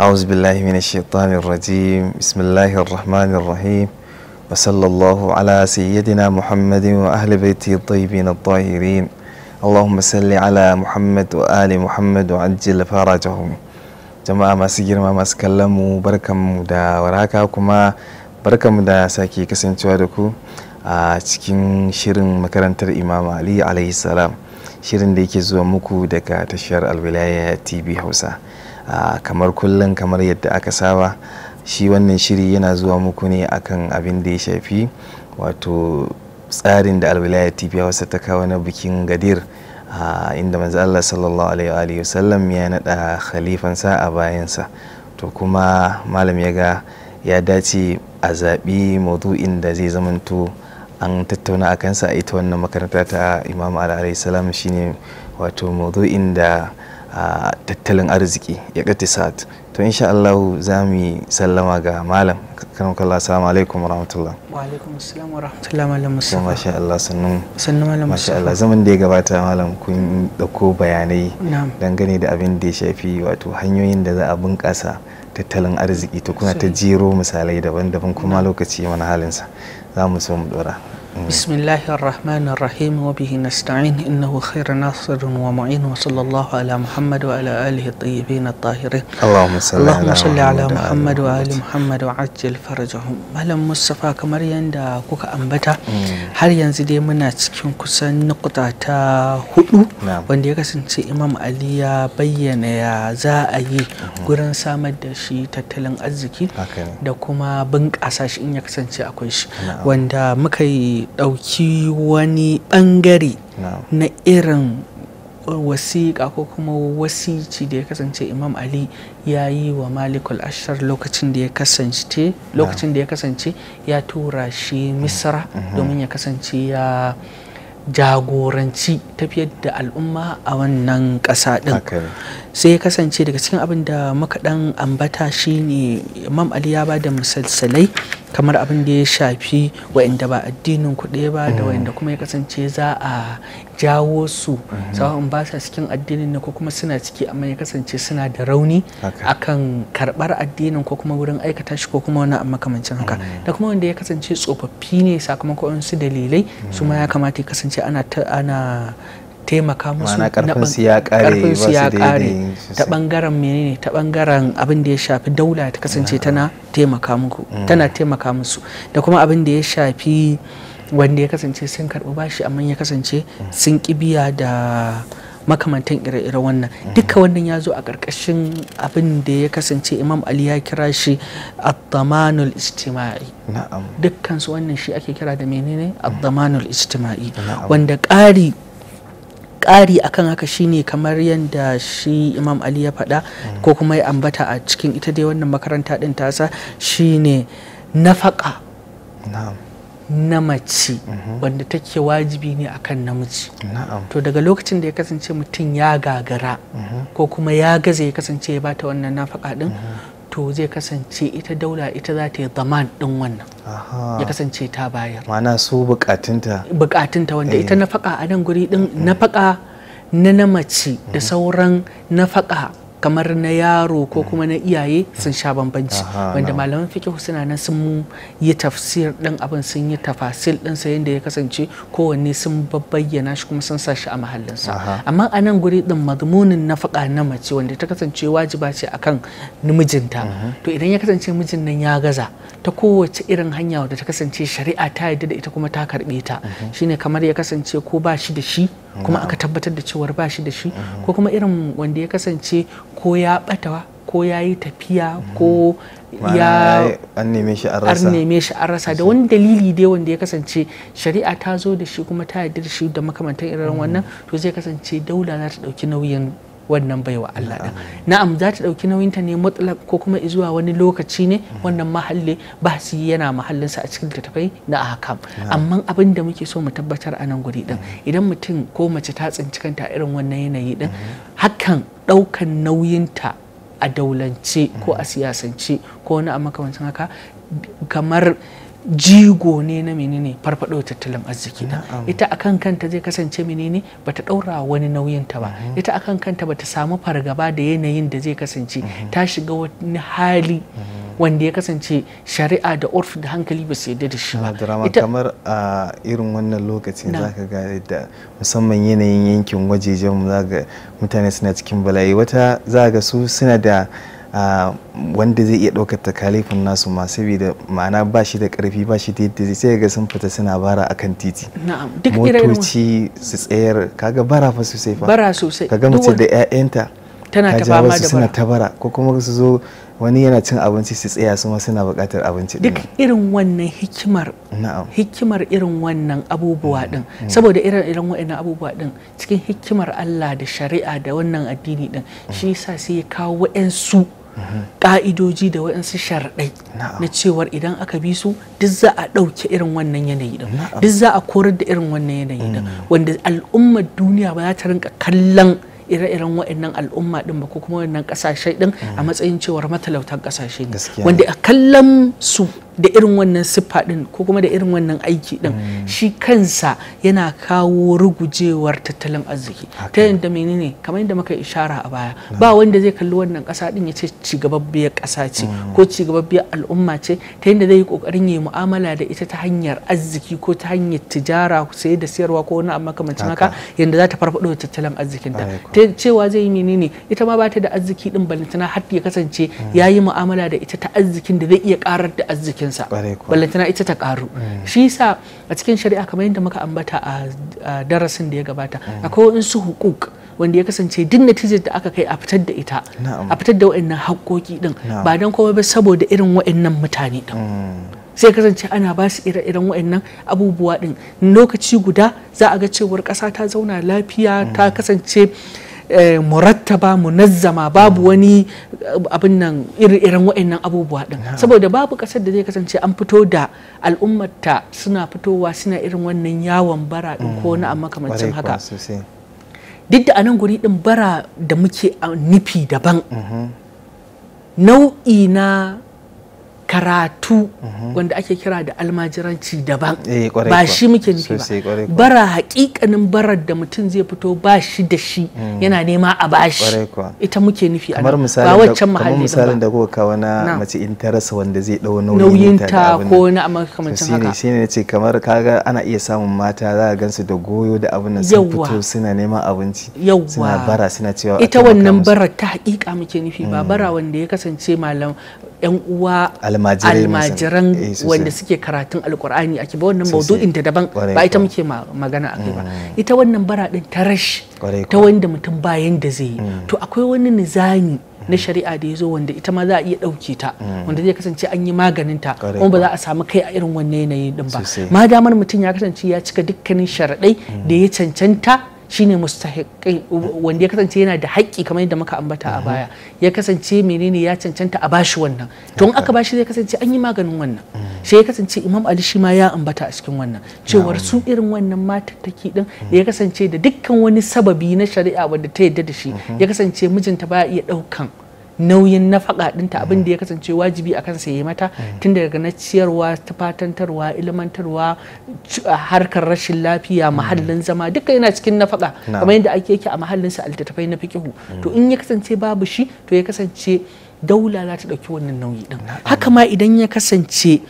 أعوذ بالله من الشيطان الرجيم بسم الله الرحمن الرحيم وصلى الله على سيدنا محمد وأهل بيته الطيبين الطاهرين اللهم صل على محمد وآل محمد وعجل فرجهم jama'a masu girma masu kallon mu barkanmu da waraka kuma mu da sake kasancewa da ku a cikin shirin makarantar imam ali alaihi salam shirin da yake zuwa muku daga tashar alwilaya tv hausa kamar kullum kamar yadda aka saba shi wannan shiri yana zuwa muku ne akan abin da ya shafi wato tsarin da alwilaya tv hausa ta kawo na bikin gadir inda manzo Allah sallallahu alaihi wa sallam ya nada khalifansa a bayansa to kuma malam ya ga ya dace a zaɓi maudu'in da zai zamanto an tattauna a kansa a ita wannan makaranta ta imam alaihi salam shine wato maudu'in da a tattalin arziki ya sa'ad to insha Allah za mu yi sallama ga malam kan kallon assalamu alaikum rahmatullah wa alaikum assalam rahmatullah malam musamman sha Allah sannan sannan malam masha Allah zaman da ya gabata malam kun dauko bayanai dangane da abin da ya shafi wato hanyoyin da za a bunƙasa tattalin arziki to kuna ta jero misalai daban-daban kuma lokaci mana halinsa za mu so mu dora بسم الله الرحمن الرحيم وبه نستعين إنه خير ناصر ومعين وصلى الله على محمد وعلى آله الطيبين الطاهرين اللهم صل اللهم صل على محمد وآل محمد وعجل فرجهم مالم مصطفى kamar yanda kuka ambata mm. har yanzu dai muna cikin kusan nukuta ta hudu wanda ya kasance Imam Ali ya bayyana za a yi mm-hmm. gurin samar da shi tattalin arziki da kuma bunƙasa shi in ya kasance akwai shi wanda muka yi dauki ɗauki wani ɓangare na irin wasiƙa ko kuma wasici da ya kasance imam ali ya yi wa malikul ashar lokacin da ya kasance ya kasance tura shi misra mm-hmm. domin ya kasance ya jagoranci tafiyar da al'umma a wannan ƙasa ɗin sai ya kasance daga cikin abin da muka ɗan ambata shine imam ali ya ba da misalsalai kamar abin da ya shafi wa'inda ba addinin kuɗi ba da mm. wa'inda kuma ya kasance za a jawo su mm-hmm. sawa'un ba sa cikin addinin ne ko kuma suna ciki amma ya kasance suna da rauni akan karɓar addinin ko kuma wurin aikata shi ko kuma wani a makamancin haka mm. da kuma wanda ya kasance tsofaffi ne sakamakon su dalilai mm. su ma ya kamata ya kasance ana taimaka musu na karfin su ya kare ta bangaren menene ta bangaren abin da ya shafi daula ta kasance tana taimaka muku mm. tana taimaka musu da kuma abin da ya shafi wanda ya kasance sun karɓi bashi amma ya kasance sun kibiya da makamantan ire-ire wannan mm. duka wannan ya zo a ƙarƙashin abin da ya kasance imam ali ya kira shi addamanul Istima'i. dukkan su wannan shi ake kira da menene mm. addamanul Istima'i. wanda ƙari ƙari akan haka shine kamar yadda shi imam ali ya faɗa ko kuma ya ambata a cikin ita dai wannan makaranta ɗin tasa shine nafaka na mace mhm. wanda take wajibi ne akan namiji to daga lokacin da ya kasance mutum ya gagara mhm. ko kuma ya gaza ya kasance ya bata wannan nafaka ɗin mhm. to zai kasance ita daula ita za ta yi zaman ɗin wannan ya kasance ta bayar mana su bukatunta bukatunta wanda ita eh. na nafaka a nan guri ɗin nafaka na na mace da mm-hmm. sauran na nafaka kamar na yaro ko mm. kuma na iyaye sun sha bambanci wanda malaman fiki suna nan sun yi tafsir ɗin abin sun yi tafasil din sa yadda ya kasance kowanne sun bayyana shi kuma sun sa shi a mahallinsa amma a nan guri din mazmunin nafaka na mace wanda ta kasance wajiba ce akan mijinta to idan ya kasance mijin nan ya gaza ta kowace irin hanya wadda ta kasance shari'a ta yadda da ita kuma ta karɓe ta shine kamar ya kasance ko ba shi da shi kuma aka tabbatar da cewar ba shi da shi ko kuma irin wanda ya kasance ko ya batawa ko ya yi tafiya mhm. ko ya an neme shi an rasa da wani dalili dai wanda ya kasance shari'a ta zo da shi kuma ta yarda da shi da makamantar irin mhm. wannan to zai kasance daula za ta dauki nauyin wannan baiwa Allah da na'am za ta dauki nauyinta ne mutlak ko kuma zuwa wani lokaci ne hmm. wannan mahalli ba su yana sa a cikin littattafai na ahkam amma abin da muke so mu tabbatar a nan guri din hmm. idan mutum ko mace ta tsinci kanta irin wannan yanayi din hmm. hakan daukan nauyinta a daulance ko a siyasance ko wani a makamancin haka kamar jigo ne na menene farfado tattalin arziki na ita akan kanta zai kasance menene bata daura wani nauyin ta ba mm-hmm. ita akan kanta bata samu fargaba da yanayin da zai kasance mm-hmm. ta shiga wani hali mm-hmm. wanda ya kasance shari'a da urfi da hankali ba su yadda da shi ba kamar a irin wannan lokacin zaka ga da musamman yanayin yankin wajejen mu zaka mutane suna cikin bala'i wata zaka ga su suna da wanda zai iya ɗaukar takalifin nasu ma saboda ma'ana ba shi da ƙarfi ba shi da yadda sai ga sun fita suna bara a kan titi motoci su tsayar kaga bara fa sosai fa bara sosai kaga mace da 'ya'yanta tana ta fama da suna ta bara ko kuma su zo wani yana cin abinci su tsaya su ma suna buƙatar abinci duk irin wannan hikimar hikimar irin wannan abubuwa mm, din mm. saboda irin irin wannan abubuwa din cikin hikimar Allah da shari'a da wannan addini din shi yasa sai ya kawo waɗansu ka'idoji da waɗansu sharaɗai na cewar idan aka bi su duk za a ɗauke irin wannan yanayi din duk za a korar da irin wannan yanayi din mm. wanda al'ummar duniya ba za ta rinka kallon ire-iren wa'annan al'umma din ba ko kuma wannan ƙasashe din a mm. matsayin cewar matalautan ƙasashe ne wanda a kallon su da irin wannan siffa din ko kuma da irin wannan aiki din mm. shi kansa yana kawo rugujewar tattalin arziki ta yadda menene kamar yadda muka ishara a baya mm. ba wanda zai kalli wannan kasa din ya ce cigababbiyar kasa ce Ko mm. ko cigababbiyar al'umma ce ta yadda zai yi kokarin yi mu'amala da ita ta hanyar arziki ko ta hanyar tijara saye da siyarwa ko wani abu makamancin haka yadda za ta farfado da tattalin arzikin ta cewa zai yi menene ita ma ba ta da arziki din balantana har ya kasance ya yi mu'amala da ita ta arzikin da zai iya karar da arziki cikinsa ballantana ita ta karu eh. shi yasa a cikin shari'a kamar yadda muka ambata a darasin da ya gabata eh. akwai wasu hukuk wanda ya kasance duk natijar da aka kai a fitar da ita a fitar da wa'annan haƙoƙi din ba don kowa ba saboda irin wa'annan mutane din mm. sai kasance ana ba su ire-iren wa'annan abubuwa din lokaci guda za a ga cewar ƙasa ta zauna lafiya ta mm. kasance Eh, murattaba munazzama babu wani eh, abin nan irin waɗannan abubuwa din saboda babu ƙasar da zai kasance an fito da al'ummata suna fitowa suna irin wannan yawon bara din ko mm. na kamancin haka duk da anan guri din bara da muke nufi daban mm-hmm. nau'i na karatu mhm. wanda ake kira da almajiranci daban eh, ba shi muke nufi ba bara hakikanin barar da mutum zai fito ba shi da shi mm. yana nema a bashi ita muke nufi a ba waccan mahalli ba misalin da kuka kawo na mace in ta rasa wanda zai dau nauyin ta ko na makamancin haka shine ce kamar kaga ana iya samun mata za ka gansu da goyo da abin nan sun fito suna neman abinci suna bara suna cewa ita wannan bara ta hakika muke nufi ba mm. bara wanda ya kasance malam yan uwa almajiran eh, wanda suke karatun alkur'ani ake ba wannan maudu'in ta daban ba ita muke magana a ba mm. ita wannan bara din ta rash ta wanda mutum bayan da zai yi mm. to akwai wani nizami mm. na shari'a da ya zo wanda ita ma za a iya ɗauke ta wanda zai kasance an yi maganin ta kuma ba za a samu kai a irin wannan yanayi din ba ma damar mutum ya kasance ya cika dukkanin sharaɗai da ya cancanta shine mustahiqai wanda ya kasance yana da haƙƙi kamar yadda muka ambata a mhm. baya ya kasance menene ya cancanta a bashi wannan to in aka bashi zai kasance an yi maganin wannan mhm. sai ya kasance Imam Ali shi ma ya ambata a cikin wannan cewar su irin wannan matattaki din da ya kasance da dukkan wani sababi na shari'a wanda ta yadda da shi mhm. ya kasance mijinta baya iya ɗaukan nauyin nafaƙa ɗinta abin mm. da ya kasance wajibi a kansa ya mata mm. tun daga na ciyarwa tufatantarwa ilmantarwa harkar rashin lafiya mahallin mm. zama duka yana cikin nafaka kamar yadda ake yake a mahallin sa altatafai na fikihu to in ya kasance babu shi to ya kasance daula za ta dauki wannan nauyi din haka ma idan ya kasance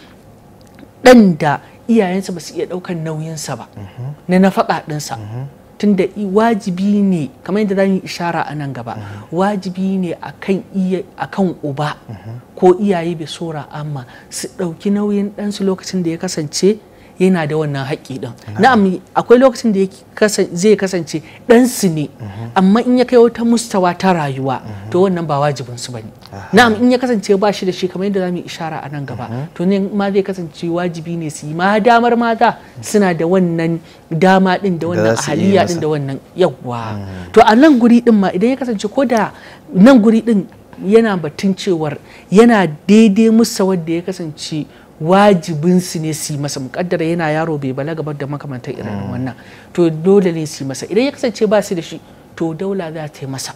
ɗan da iyayensa ba su iya ɗaukan nauyinsa ba mm-hmm. na nafaka dinsa mm-hmm. da wajibi ne kamar yadda yi ishara a nan gaba mhm. wajibi ne a kan uba mhm. ko iyaye bai sora amma su ɗauki nauyin ɗansu lokacin da ya kasance yana da wannan haƙƙi ɗin na'am akwai lokacin da zai kasance ɗansu ne mhm. amma in ya kai wata mustawa ta rayuwa mhm. to wannan ba wajibin su bane na'am in ya kasance ba shi da shi kamar yadda za mu ishara a nan gaba mhm. to ne ma zai kasance wajibi ne su yi ma damar za suna da wannan dama ɗin da wannan ahaliya ɗin da wannan yawwa to a nan guri ɗin ma idan ya kasance ko da nan guri ɗin yana batun cewar yana daidai musa wadda ya kasance wajibin su ne su masa mukaddara yana yaro bai bala gabar da makamantar irin hmm. wannan to dole ne su masa idan ya kasance ba su da shi to daula za ta yi masa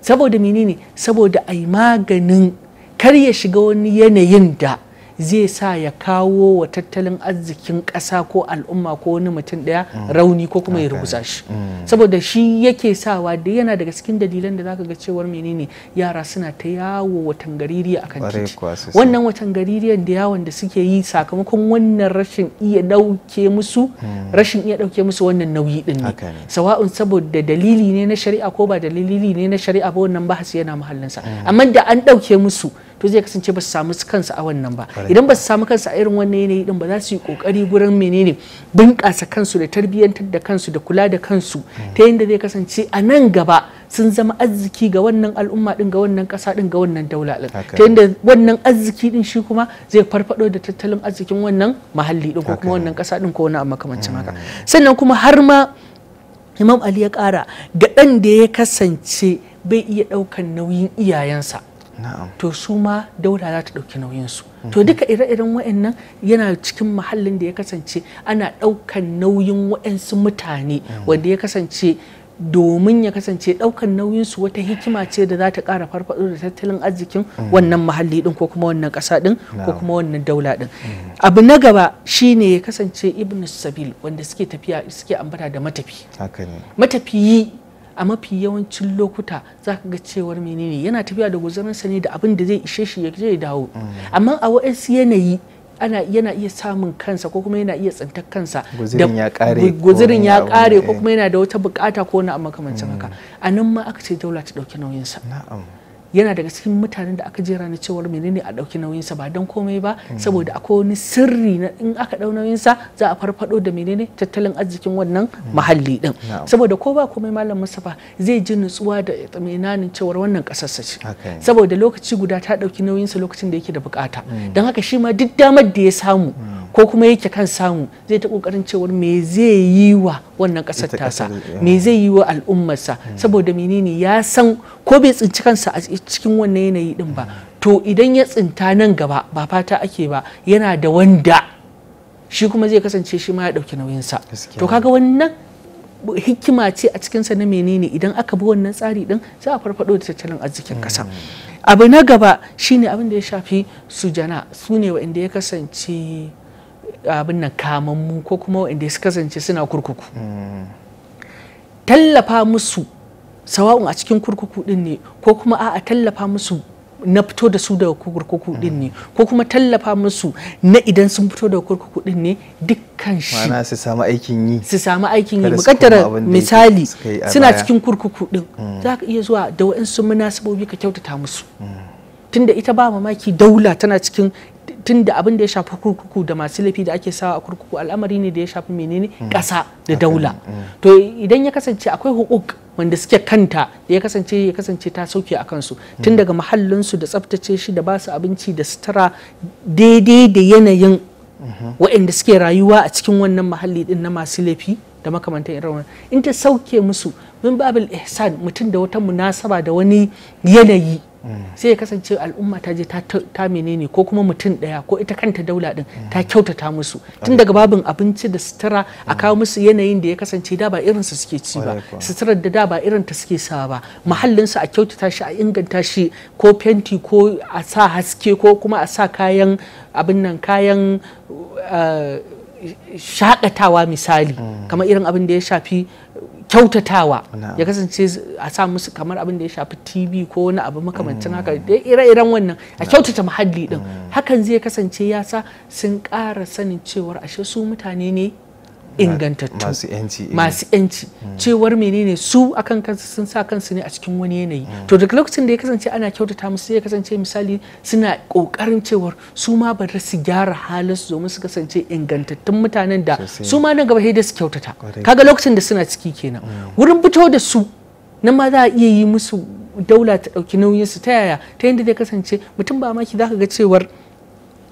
saboda menene saboda ai maganin kar ya shiga wani yanayin da zai sa ya kawo wa tattalin arzikin ƙasa ko al'umma ko wani mutum ɗaya mm. rauni ko kuma ya rubuta shi mm. saboda shi yake sawa da yana daga cikin dalilan da zaka ga cewar menene yara suna ta yawo watan a akan titi wannan watan gaririyan da yawon da suke yi sakamakon wannan rashin iya dauke musu mm. rashin iya dauke musu wannan nauyi din ne sawa'un saboda dalili ne na shari'a ko ba dalili ne na shari'a ba wannan bahasi yana muhallinsa amma da an dauke musu to zai kasance ba su samu kansu a wannan ba idan ba su samu kansu a irin wannan yanayi din ba za su yi kokari gurin menene bunƙasa kansu da tarbiyyantar da kansu da kula da kansu ta yadda zai kasance a nan gaba sun zama arziki ga wannan al'umma din ga wannan kasa din ga wannan daula din ta yadda wannan arziki din shi kuma zai farfado da tattalin arzikin wannan muhalli din ko kuma wannan kasa din ko wani makamancin haka mm. sannan kuma har ma imam ali ya kara ga ɗan da ya kasance bai iya ɗaukan nauyin iyayensa to su ma dauda za ta ɗauki nauyinsu to duka ire-iren wa'annan yana cikin mahallin da ya kasance ana ɗaukan nauyin wa'ansu mutane mm. wanda ya kasance domin ya kasance ɗaukan nauyinsu wata hikima ce da za ta ƙara farfaɗo da tattalin arzikin mm. wannan mahalli din ko kuma wannan ƙasa ɗin ko kuma wannan daula ɗin mm. abu na gaba shine ya kasance ibn sabil wanda suke tafiya suke ambata da matafi matafiyi a mafi yawancin lokuta za ka ga cewar menene yana tafiya da sa ne da abin da zai ishe shi ya je dawo amma a wa'ansu yanayi ana yana iya samun kansa ko kuma yana iya tsintar kansa guzirin ya kare ko kuma eh. yana da wata bukata ko na makamancin haka mm. a nan ma aka ce daula ta ɗauki nauyinsa yana daga cikin mutanen da aka jera na cewar menene a ɗauki sa ba don komai ba saboda akwai wani sirri na in aka ɗau nauyinsa za a farfado da menene tattalin arzikin wannan muhalli din saboda ko ba komai malam Mustapha zai ji nutsuwa da tsaminanin cewar wannan ƙasarsa ce saboda lokaci guda ta ɗauki nauyinsa lokacin da yake da bukata hmm. don haka shi ma duk damar da ya samu hmm. ko kuma yake kan samu zai ta kokarin cewar me zai yi wa wannan ƙasar tasa me eh. zai yi wa al'ummarsa hmm. saboda menene ya san ko bai tsinci kansa a cikin wannan yanayi din ba to idan ya tsinta nan gaba ba fata ake ba yana da wanda shi kuma zai kasance shi ma ya ɗauki nauyinsa to kaga wannan hikima ce a cikinsa na menene idan aka bi wannan tsari din za a farfado da tattalin arzikin kasa hmm. abu na gaba shine abin da ya shafi sujana su ne wa'inda ya kasance abin nan kamammu ko kuma wa'inda ya kasance suna kurkuku hmm. tallafa musu sawa'un a cikin kurkuku din ne ko kuma a tallafa musu na fito da su daga kurkuku din ne ko kuma tallafa musu na idan sun fito daga kurkuku din ne dukkan shi mana su samu aikin yi su samu aikin yi mukaddara misali suna cikin kurkuku din mm. za ka iya zuwa da wa'insu munasibobi ka kyautata musu mm. tunda ita ba mamaki daula tana cikin tun da abin da ya shafi kurkuku da masu laifi da ake sawa a kurkuku al'amari ne da ya shafi menene mm. ƙasa da daula mm. to idan ya kasance akwai hukuk wanda suke kanta da ya kasance ya kasance ta sauke a kansu mm. tun daga mahallinsu da tsaftace shi da basu abinci da sutura daidai da yanayin mm-hmm. wa'anda suke rayuwa a cikin wannan mahalli din na masu laifi da makamantan irin wannan in ta sauke musu min babul ihsan mutum da wata munasaba da wani yanayi sai ya kasance al'umma ta je ta menene ko kuma mutum daya ko ita kanta daula din ta kyautata musu tun daga babin abinci da sutura a mm. kawo musu yanayin da ya kasance da ba irinsa suke ci ba suturar da da ba irin ta suke sa ba muhallin a kyautata shi a inganta shi ko fenti ko a sa haske ko kuma a sa kayan abin nan kayan eh, shakatawa misali mm. kamar irin abin da ya shafi kyautatawa ya kasance a sa musu kamar abin da ya shafi tv ko wani abu makamancin haka da ire-iren wannan a kyautata muhalli din mm. hakan zai kasance ya sa sun kara sanin cewar ashe su mutane ne ingantattu masu yanci eh. hmm. cewar menene su akan kansu sun sa kansu ne a cikin wani yanayi hmm. to daga lokacin da ya kasance ana kyautata musu ya kasance misali suna kokarin cewar su ma ba su gyara halin su domin su kasance ingantattun mutanen da su ma na gaba sai da su kyautata kaga lokacin da suna ciki kenan hmm. wurin fito da su nan ma za a iya yi musu daula ta dauki nauyin su ta yaya ta yadda zai kasance mutum ba maki zaka ga cewar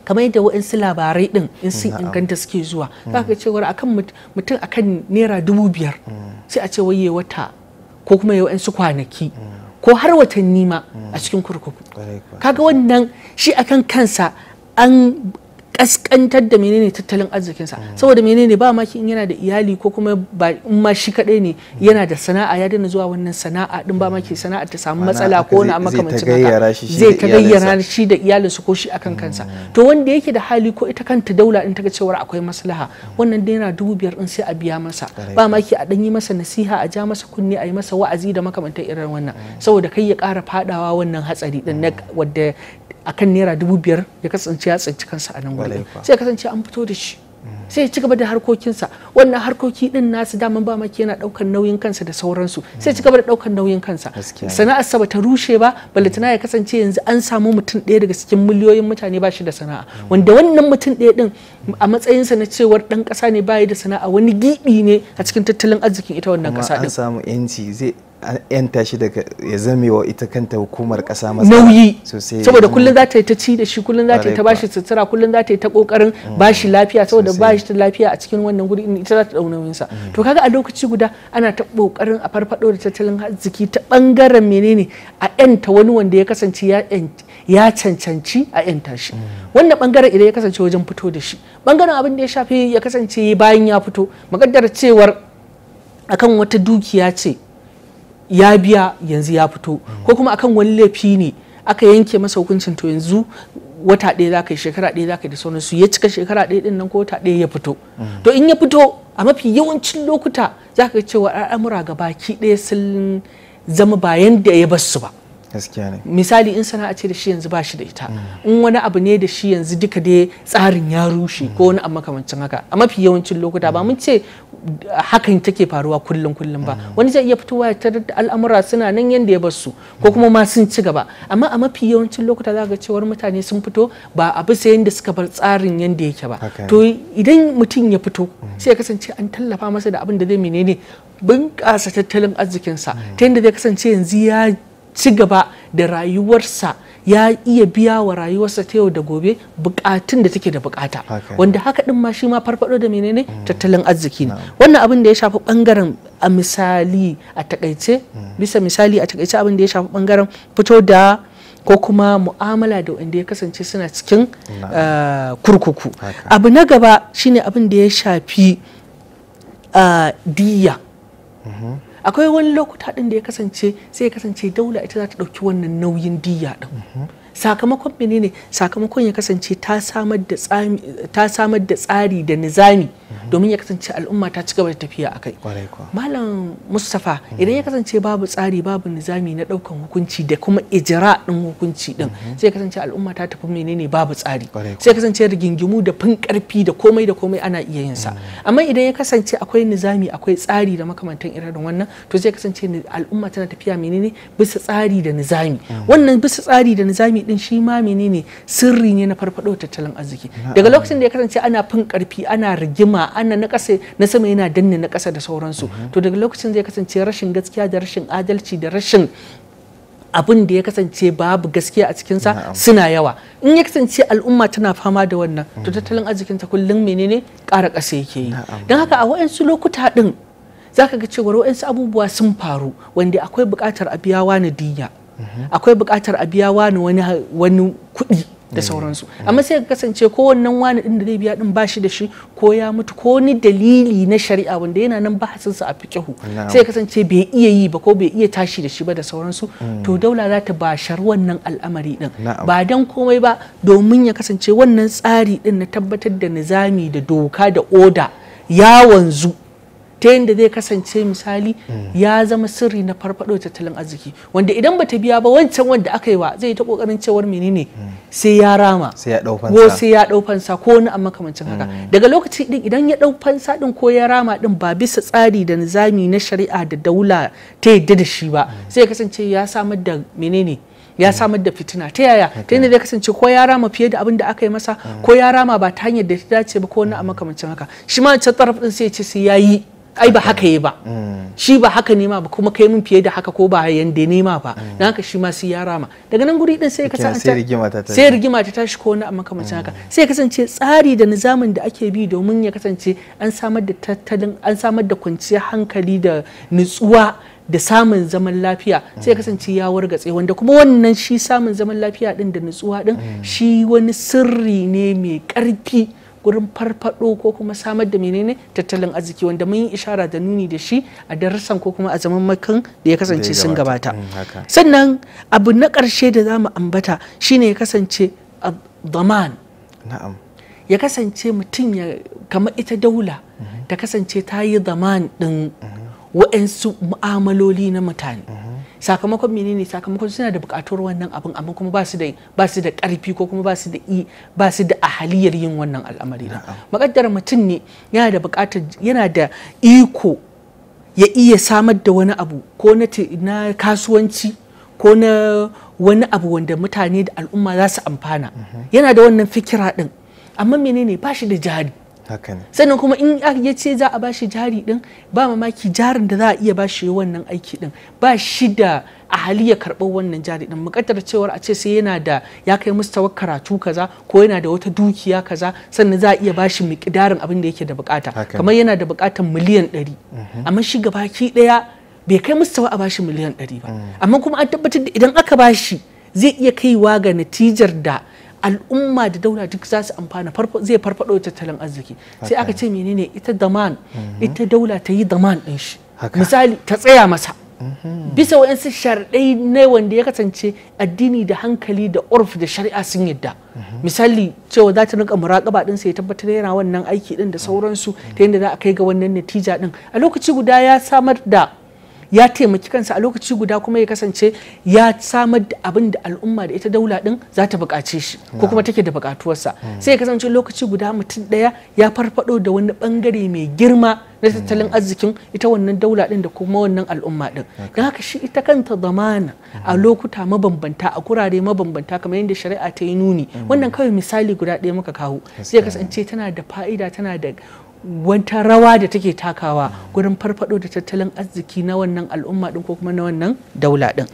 kamar yadda wa'insu labarai din in sun inganta suke zuwa za ka cewar akan mutum akan naira dubu biyar mm. sai a ce waye wata ko kuma ya wa'insu kwanaki mm. ko har watanni ma a cikin kurkuku mm. kaga wannan shi akan kansa an kaskantar da menene tattalin arzikinsa mm. saboda menene ba maki in yana da iyali ko kuma ba in ma shi kadai ne mm. yana da sana'a ya daina zuwa wannan sana'a din ba maki mm. sana'a ta samu matsala ko wani makamancin haka zai ta gayyara shi da iyalinsa ko shi akan kansa to wanda yake da hali ko ita kanta daula din ta ga cewa akwai maslaha wannan dai yana dubu biyar din sai a biya masa ba maki a dan yi masa nasiha a ja masa kunne a yi masa wa'azi da makamanta irin wannan saboda kai ya kara fadawa wannan hatsari din na wadda akan naira dubu biyar ya kasance ya tsinci kansa a nan sai sai kasance an fito da shi sai ci gaba da harkokinsa wannan harkoki din nasu daman ba maki yana daukar nauyin kansa da sauransu sai ci gaba da daukar nauyin kansa sana'ar sa bata rushe ba balantana ya kasance yanzu an samu mutum ɗaya daga cikin miliyoyin mutane ba shi da sana'a wanda wannan mutum daya din a matsayinsa na cewar dan kasa ne bayi da sana'a wani gibi ne a cikin tattalin arzikin ita wannan kasa. din samu yanci zai 'yan tashi daga ya zame wa ita kanta hukumar kasa masa nauyi saboda kullum mm. za ta yi ta ci da shi kullum za ta yi ta bashi sutura kullum za ta yi ta kokarin mm. bashi lafiya saboda bashi ta lafiya a cikin wannan guri ita za ta dau nauyin sa mm. to kaga a lokaci guda ana ta kokarin a farfado da tattalin arziki ta bangaren menene a 'yanta wani wanda ya kasance ya cancanci a 'yanta shi wannan bangaren idan ya kasance wajen fito da shi bangaren abin da ya shafi ya kasance bayan ya fito maƙaddar cewar akan wata dukiya ce ya biya yanzu ya fito ko kuma akan wani laifi ne aka yanke masa hukuncin to yanzu wata ɗaya za ka yi shekara ɗaya za ka yi da sauransu ya cika shekara ɗaya ɗin nan ko wata ɗaya ya fito to in ya fito a mafi yawancin lokuta za ka cewa al'amura ga baki ɗaya sun zama bayan da ya bar su ba misali in sana'a ce da shi yanzu ba shi da ita in wani abu ne da shi yanzu duka dai tsarin ya rushe ko wani abu makamancin haka a mafi yawancin lokuta ba mun ce hakan take faruwa kullum kullum ba wani zai iya fitowa ya tarar da al'amura suna nan yanda ya bar su ko kuma ma sun ci gaba amma a mafi yawancin lokuta za ga cewar mutane sun fito ba a bisa yanda suka bar tsarin yanda yake ba to idan mutum ya fito sai ya kasance an tallafa masa da abin da zai menene bunƙasa tattalin arzikinsa ta yadda zai kasance yanzu ya ci gaba da rayuwarsa ya iya biya wa rayuwarsa ta yau da gobe bukatun da take da bukata wanda haka din ma shi ma farfado da menene mm. tattalin arziki ne wannan abin da ya shafi bangaren a misali a takaice mm. bisa misali a takaice abin da ya shafi bangaren fito da ko kuma mu'amala da wanda ya kasance suna cikin ah, kurkuku abu na gaba shine abin da ya shafi ah, diya mm-hmm. akwai wani lokuta din da ya kasance sai ya kasance daula ita za ta ɗauki wannan nauyin diyya din sakamakon menene sakamakon ya kasance ta samar da tsari da nizami mhm. domin ya kasance al'umma ta ci gaba da tafiya a kai malam mustapha mhm. idan ya kasance babu tsari babu nizami na daukan hukunci da kuma ijira din hukunci din mhm. sai kasance al'umma ta tafi menene babu tsari sai kasance rigingimu da fin karfi da komai da komai ana iya yin sa amma idan ya kasance akwai nizami akwai tsari da makamantan irin wannan to sai kasance al'umma tana tafiya menene bisa tsari da nizami wannan bisa tsari da nizami din shi ma menene sirri ne na farfado tattalin arziki daga lokacin da ya kasance ana fin karfi ana rigima ana na kasa na sama yana danne na kasa da sauransu mhm. to daga lokacin da ya kasance rashin gaskiya da rashin adalci da rashin abin da ya kasance babu gaskiya a cikinsa suna yawa in ya kasance al'umma tana fama da wannan to mhm. tattalin arzikinta kullum menene ƙara ƙasa yake yi don haka a wa'insu lokuta din za ka ga cewar wa'insu abubuwa sun faru wanda akwai buƙatar a biya wani diya akwai buƙatar a biya wani wani kuɗi da mm. sauransu mm. amma sai ka kasance ko wannan wani din da zai biya din bashi da shi ko ya mutu ko ni dalili na shari'a wanda yana nan sa a fiqihu sai ka kasance bai iya yi ba ko bai iya tashi da shi ba da sauransu mm. to daula za ta bashar wannan al'amari din ba dan komai ba domin ya kasance wannan tsari din na tabbatar da nizami da doka da oda ya wanzu ta yadda zai kasance misali ya zama sirri na farfado tattalin arziki wanda idan bata biya ba wancan wanda aka yi wa zai yi ta kokarin cewar menene sai ya rama ko sai ya dau fansa ko wani amma kamancin haka mm. daga lokaci din idan ya dau fansa din ko ya rama din ba bisa tsari da nizami na shari'a da daula ta yadda da shi ba sai kasance ya samar da menene ya samar da fitina ta yaya ta yadda zai kasance ko ya rama fiye da abin da aka yi masa ko ya rama ba ta hanyar da ta dace ba ko wani a makamancin haka shi ma can tsarafin din sai ya ce sai ya yi ai ba haka yi ba mm. shi ba haka nema ba kuma kai mun fiye da haka ko ba yanda nema ba mm. na haka shi ma sai ya rama daga nan guri din sai kasance sai rigima ta tashi ko wani makamancin haka mm. sai kasance tsari da nizamin da ake bi domin ya kasance an samar da tattalin an samar da kwanciyar hankali da nutsuwa da samun zaman lafiya sai kasance ya wargatse wanda kuma wannan shi samun zaman lafiya din da nutsuwa din shi wani sirri ne mai karfi gurin farfado ko kuma samar da menene tattalin arziki wanda mun yi ishara da nuni da shi a darussan ko kuma a zaman makan da ya kasance sun gabata mm, sannan abu na karshe da za mu ambata shine ya kasance zaman ya kasance mutum ya kama ita daula mm-hmm. ta kasance ta yi zaman ɗin mm-hmm. wa'ansu mu'amaloli na mutane mm-hmm. sakamakon menene sakamakon suna da bukatuwar wannan abin amma kuma ba su da ba su da karfi ko kuma ba su da i ba su da ahaliyar yin wannan al'amari da makaddar mutum ne yana da bukatar yana da iko ya iya samar da wani abu ko na kasuwanci ko na wani abu wanda mutane da al'umma za su amfana mhm. yana da wannan fikira din amma menene ba shi da jari sannan kuma in ya ce za a bashi jari din ba mamaki jarin da za a iya bashi wannan aiki din ba shi da a hali ya karɓar wannan jari din mukaddar cewar a ce sai yana da ya kai mustawar karatu kaza ko yana da wata dukiya kaza sannan za a iya bashi miƙdarin abin da yake da bukata kamar yana da bukatar miliyan ɗari mhm. amma shi gabaki ɗaya bai kai mustawa a bashi miliyan ɗari ba mm. amma kuma an tabbatar da idan aka bashi zai iya kaiwa ga natijar da al'umma da daula duk za su amfana zai farfado tattalin arziki sai aka ce menene ita daman mhm. ita daula ta yi daman din shi misali ta tsaya masa mhm. bisa wa'yansu sharɗai na wanda ya kasance addini da hankali da urf da shari'a sun yadda mhm. misali cewa za ta nuka muraƙaba ɗin sai ya tabbatar yana wannan aiki ɗin da sauransu ta yadda za a kai ga wannan natija din a lokaci guda ya samar da ya taimaki kansa a lokaci guda kuma ya kasance ya samar da abin da al'umma da ita daula din za ta buƙace shi ko kuma take da buƙatuwarsa sai ya kasance lokaci guda mutum ɗaya ya farfado da wani bangare mai girma na tattalin arzikin ita wannan daula din da kuma wannan al'umma din don haka shi ita kanta zamana a lokuta mabambanta a kurare mabambanta kamar yadda shari'a ta yi nuni mm. wannan kawai misali guda ɗaya muka kawo sai ya kasance tana da fa'ida tana da wata rawa da take takawa gurin farfado da tattalin arziki na wannan al'umma din ko kuma na wannan daula din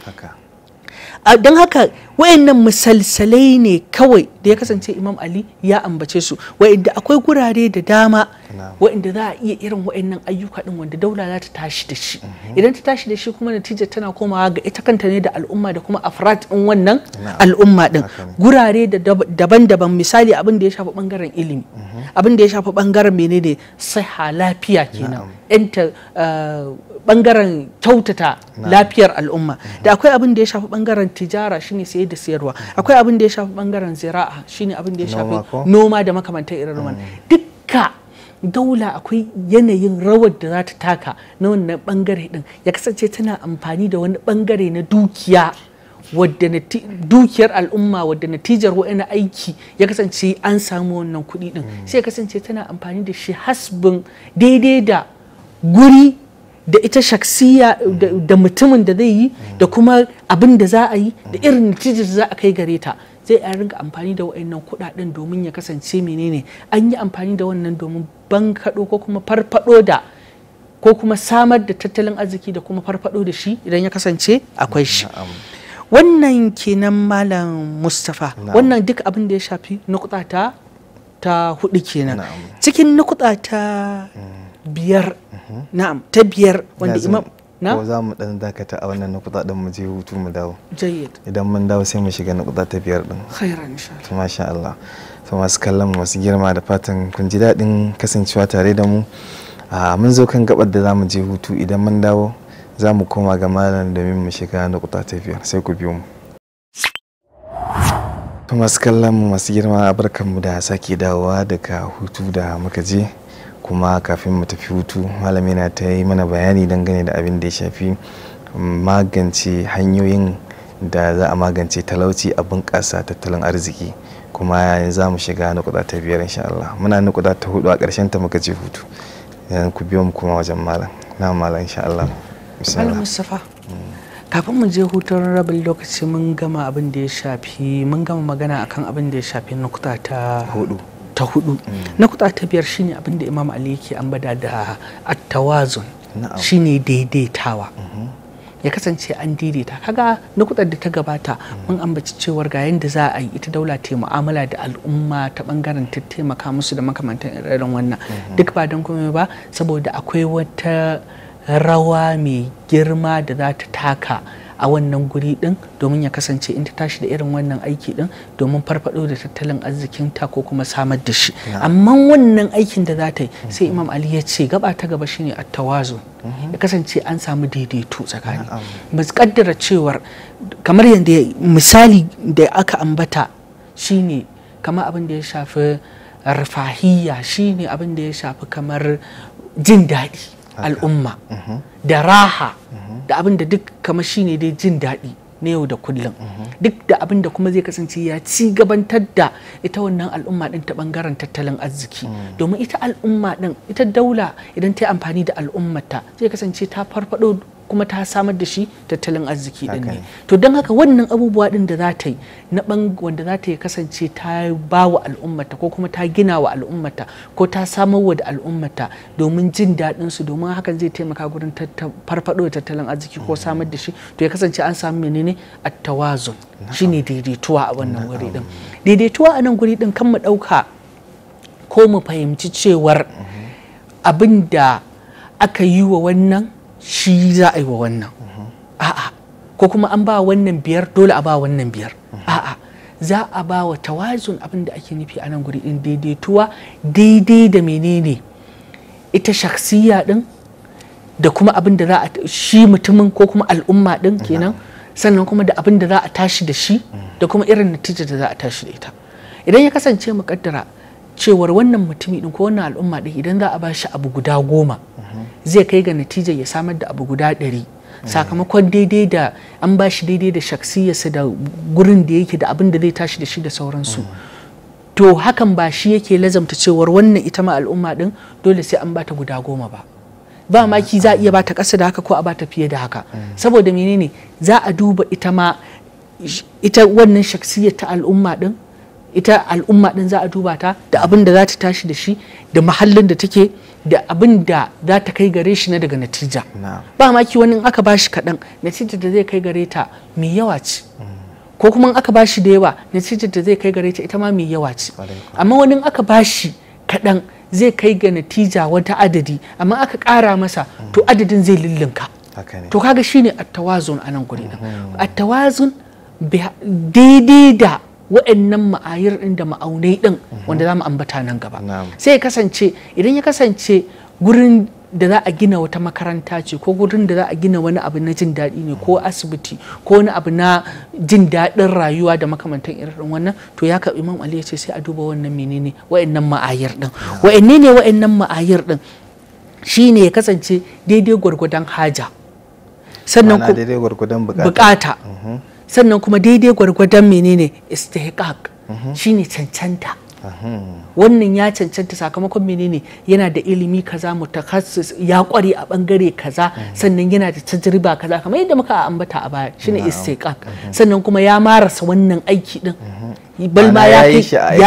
don haka wayannan misalsalai ne kawai da ya kasance imam ali ya ambace su wayanda akwai gurare da dama wayanda za a iya irin wayannan ayyuka din wanda daula za ta tashi da shi mhm. idan ta tashi da shi kuma natija tana komawa ga ita kanta ne da al'umma da kuma afrat din wannan al'umma din gurare da daban-daban misali abin da ya shafi bangaren ilimi mhm. abin da ya shafi bangaren menene sai lafiya kenan yanta bangaren kyautata lafiyar al'umma da akwai abin da ya shafi bangaren tijara shine saye da sayarwa akwai abin da ya shafi bangaren zira'a shine abin da ya shafi noma da makamantar irin wannan dukka daula akwai yanayin rawar da za ta taka na wannan bangare din ya kasance tana amfani da wani bangare na dukiya wadda dukiyar al'umma wadda natijar wa'ina aiki ya kasance an samu wannan kuɗi din hmm. sai ya kasance tana amfani da shi hasbin daidai da guri da ita shaksiya da mutumin da zai yi da kuma abin da za a yi da irin natijar za a kai gare ta zai a ringa amfani da wa'annan kuɗaɗen domin ya kasance menene an yi amfani da wannan domin bankaɗo ko kuma farfaɗo da ko kuma samar da tattalin arziki da kuma farfaɗo da shi idan ya kasance akwai shi wannan kenan malam mustapha wannan duk abin da ya shafi nukuta ta hudu kenan cikin nukuta ta mm. biyar na'am ta biyar wanda imam na ko za mu dan dakata a wannan nukuta din mu je hutu mu dawo jayyid idan mun dawo sai mu shiga nukuta ta biyar din khairan insha Allah masha Allah to masu kallon masu girma da fatan kun ji dadin kasancewa tare da mu mun zo kan gabar da za mu je hutu idan mun dawo za mu koma ga malam domin mu shiga nukuta ta biyar sai ku biyo mu masu kallon masu girma barkanmu da sake dawowa daga hutu da muka je kuma kafin mu tafi hutu malami na ta yi mana bayani dangane da abin da ya shafi magance hanyoyin da za a magance talauci a bunƙasa tattalin arziki kuma za mu shiga kuɗa ta biyar insha Allah muna nukuda ta hudu a ƙarshen ta muka je hutu ku biyo mu kuma wajen malam na malam insha Allah Mustafa kafin mu je hutun rabin lokaci mun gama abin da ya shafi mun gama magana akan abin da ya shafi na kuɗa ta hudu ta hudu na kuɗa ta biyar shine abin da imam ali yake ambada da attawazun shine daidaitawa ya kasance an daidaita kaga na kuɗa da ta gabata mun ambaci cewar ga yadda za a yi ita daula ta mu'amala da al'umma ta bangaren ta taimaka musu da makamantan irin wannan duk ba don komai ba saboda akwai wata rawa mai girma da za ta taka a wannan guri din domin ya kasance in ta tashi da irin wannan aiki din domin farfado da tattalin arzikinta ko kuma samar da shi amma wannan aikin da za ta yi mhm. sai imam ali ya ce gaba ta gaba shine attawazu mhm. ya kasance an samu daidaito tsakani mu kaddara cewar kamar yadda misali da aka ambata shine kamar abin da ya shafi rafahiyya shine abin da ya shafi kamar jin daɗi al'umma mhm. da raha da abin da duk kamar shine dai jin daɗi na yau da kullum duk da abin da kuma zai kasance ya ci gabantar da ita wannan al'umma din ta ɓangaren tattalin arziki domin ita al'umma din ita daula idan ta yi amfani da al'ummata zai kasance ta farfaɗo. kuma ta samar da shi tattalin arziki din ne to don haka wannan abubuwa din da za ta yi na ban wanda za ta yi kasance ta ba wa al'ummata ko kuma ta gina wa al'ummata ko ta samar wa da al'ummata domin jin daɗin su domin hakan zai taimaka gurin farfado da tattalin arziki ko mm. samar da shi to ya kasance an samu menene attawazun shine daidaituwa a wannan wuri din daidaituwa a nan guri din kan mu ɗauka ko mu fahimci cewar mm-hmm. abinda aka yi wa wannan shi za a yi wa wannan a'a ko kuma an ba wannan biyar dole a ba wannan biyar a'a za a ba wa tawazun abin da ake nufi a nan guri in daidaituwa daidai da menene ita shaksiya din da kuma abin da za a shi mutumin ko kuma al'umma din kenan sannan kuma da abin da za a tashi da shi da kuma irin natija da za a tashi da ita idan ya kasance kaddara. cewar wannan mutumi din ko wannan al'umma din idan za a ba shi abu guda goma zai kai ga natijar ya samar da abu guda ɗari sakamakon daidai da an bashi shi daidai da shaksiyarsa da gurin da yake da abin da zai tashi da shi da sauransu to hakan ba shi yake lazamta cewar wannan ita ma al'umma din dole sai an bata guda goma ba ba maki za a iya bata kasa da haka ko a bata fiye da haka saboda menene za a duba ita ma ita wannan shaksiyar ta al'umma din ita al'umma din za a duba ta da abin da za ta tashi da shi da mahallin da take da abin da za ta kai gare shi na daga natija ba maki wani in aka bashi kaɗan natija da zai kai gare ta mai yawa ce ko kuma in aka bashi da yawa natija da zai kai gare ta ita ma mai yawa ce amma wani in aka bashi kaɗan zai kai ga natija wata adadi amma aka kara masa to mm. adadin zai lullunka to kaga shine attawazun a nan guri mm-hmm. attawazun daidai da wa'annan ma'ayir ɗin da ma'aunai ɗin wanda za mu ambata nan gaba sai ya kasance idan ya kasance gurin da za a gina wata makaranta ce ko gurin da za a gina wani abu na jin daɗi ne ko asibiti ko wani abu na jin daɗin rayuwa da makamantan irin wannan to ya ka imam ali ya ce sai a duba wannan menene wa'annan ma'ayir ɗin wa'anne ne wa'annan ma'ayir ɗin shine ya kasance daidai gwargwadon haja sannan ku bukata mhm. sannan kuma daidai gwargwadon menene istihqaq mhm. shine cancanta mhm. wannan ya cancanta sakamakon menene yana da ilimi kaza mutakassis ya kware a bangare kaza mhm. sannan yana da tajriba kaza kamar yadda muka ambata a baya shine istiqaq sannan kuma ya marasa wannan aiki din balma ya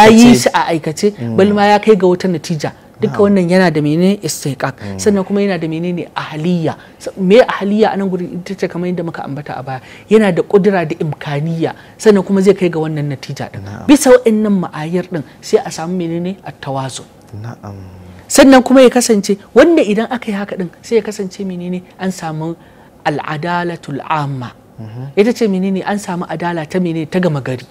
yi shi a aikace balma ya kai ga wata natija duka wannan yana da menene istiqaq mm. sannan kuma yana da menene ahaliya me ahaliya anan guri ita ce kamar yadda muka ambata a baya yana da kudura da imkaniya sannan kuma zai kai ga wannan natija din bisa wa'annan ma'ayar din sai a samu menene at-tawazu sannan kuma ya kasance wanda idan aka yi haka din sai ya kasance menene an samu al'adalatul amma mm-hmm. ita ce menene an samu adala ta menene ta gama gari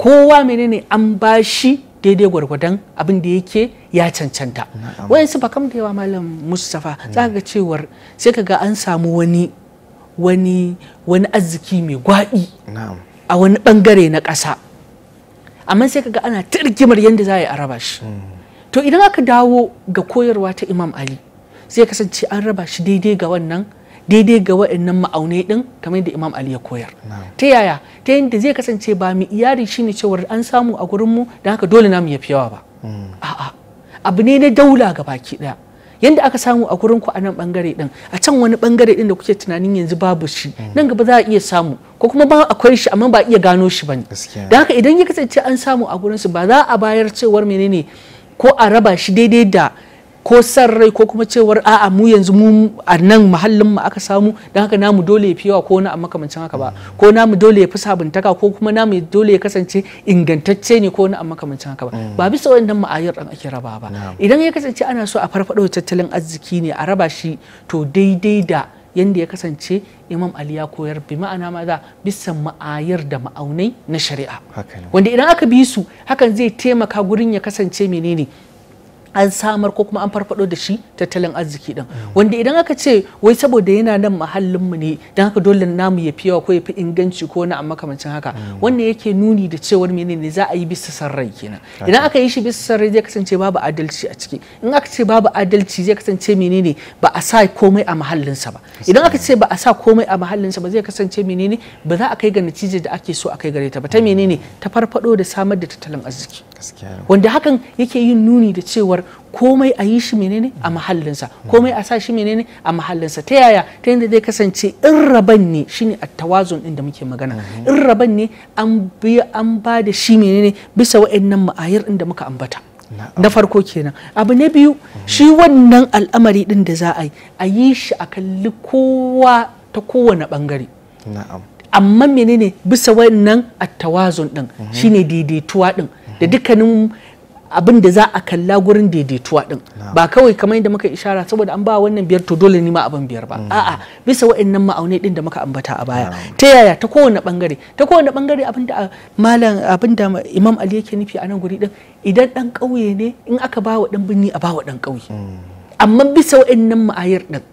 kowa menene an bashi daidai gwargwadon abin da yake ya cancanta wayan ba kam da yawa malam mustafa za ga cewar sai ka ga an samu wani wani wani arziki mai gwaɗi a wani bangare na ƙasa amma sai ka ga ana ta rigimar yadda za a yi a raba shi hmm. to idan aka dawo ga koyarwa ta imam ali sai kasance an raba shi daidai ga wannan daidai ga waɗannan ma'aunai ɗin kamar yadda imam ali ya koyar ta yaya ta yadda zai kasance ba mu iyari shine cewar an samu a mu da haka dole namu ya fi yawa ba hmm. a'a abu ne na daula ga baki ɗaya yadda aka samu a gurin ku a nan bangare din a can wani bangare din da kuke tunanin yanzu babu shi hmm. nan gaba za a iya samu ko kuma ba akwai shi amma ba iya gano shi ba ne da haka idan ya kasance an samu a gurin su ba za a bayar cewar menene ko a raba shi daidai da ko san rai ko kuma cewar a'a mu yanzu mu a nan muhallin mu aka samu don haka namu dole ya fi ko na a makamancin haka ba ko namu dole ya fi sabuntaka ko kuma namu dole ya kasance ingantacce ne ko na a makamancin haka ba mm. ba bisa wannan ma'ayar dan ake raba ba idan ya kasance ana so a farfado tattalin arziki ne a raba shi to daidai da yanda ya kasance imam ali ya koyar bi ma'ana maza bisa ma'ayar da ma'aunai na shari'a wanda idan aka bi su hakan zai taimaka gurin ya kasance menene an samar ko kuma an farfado da shi tattalin arziki din wanda idan aka ce wai saboda yana nan mahallin mu ne dan haka dole namu ya fi yawa ko ya fi inganci ko na amma kamancin haka mm. wannan yake nuni da cewar menene za a yi bisa sarrai kenan idan aka yi shi bisa sarrai zai kasance babu adalci a ciki in aka ce babu adalci zai kasance menene ba a sa komai a mahallinsa ba idan aka ce ba a sa komai a mahallin sa ba zai kasance menene ba za a kai ga natijar da ake so a kai gare ta ba ta mm. menene ta farfado da samar da tattalin arziki wanda hakan yake yin nuni da cewar komai a yi shi menene a mahallinsa komai a sa shi menene a mahallinsa ta yaya ta yadda zai kasance in raban ne shine a tawazun din da muke magana mhm. in raban ne an an ba da shi menene bisa wa'annan ma'ayar din da muka ambata na farko kenan abu na biyu mhm. shi wannan al'amari din da za a yi a yi shi a kalli kowa ta kowane bangare amma menene bisa wannan attawazun din mhm. shine daidaituwa din da dukkanin abin da za a kalla gurin daidaituwa din ba kawai kamar yadda muka ishara saboda an ba wannan biyar to dole ni ma abin biyar ba mm. a'a bisa wa'annan ma'aunai din da muka ambata a baya ta yaya ta kowane bangare ta kowane bangare abin da malam abin da imam ali yake nufi a nan guri din idan dan kauye ne in aka ba wa dan binni a ba wa dan kauye mm. amma bisa wa'annan ma'ayar din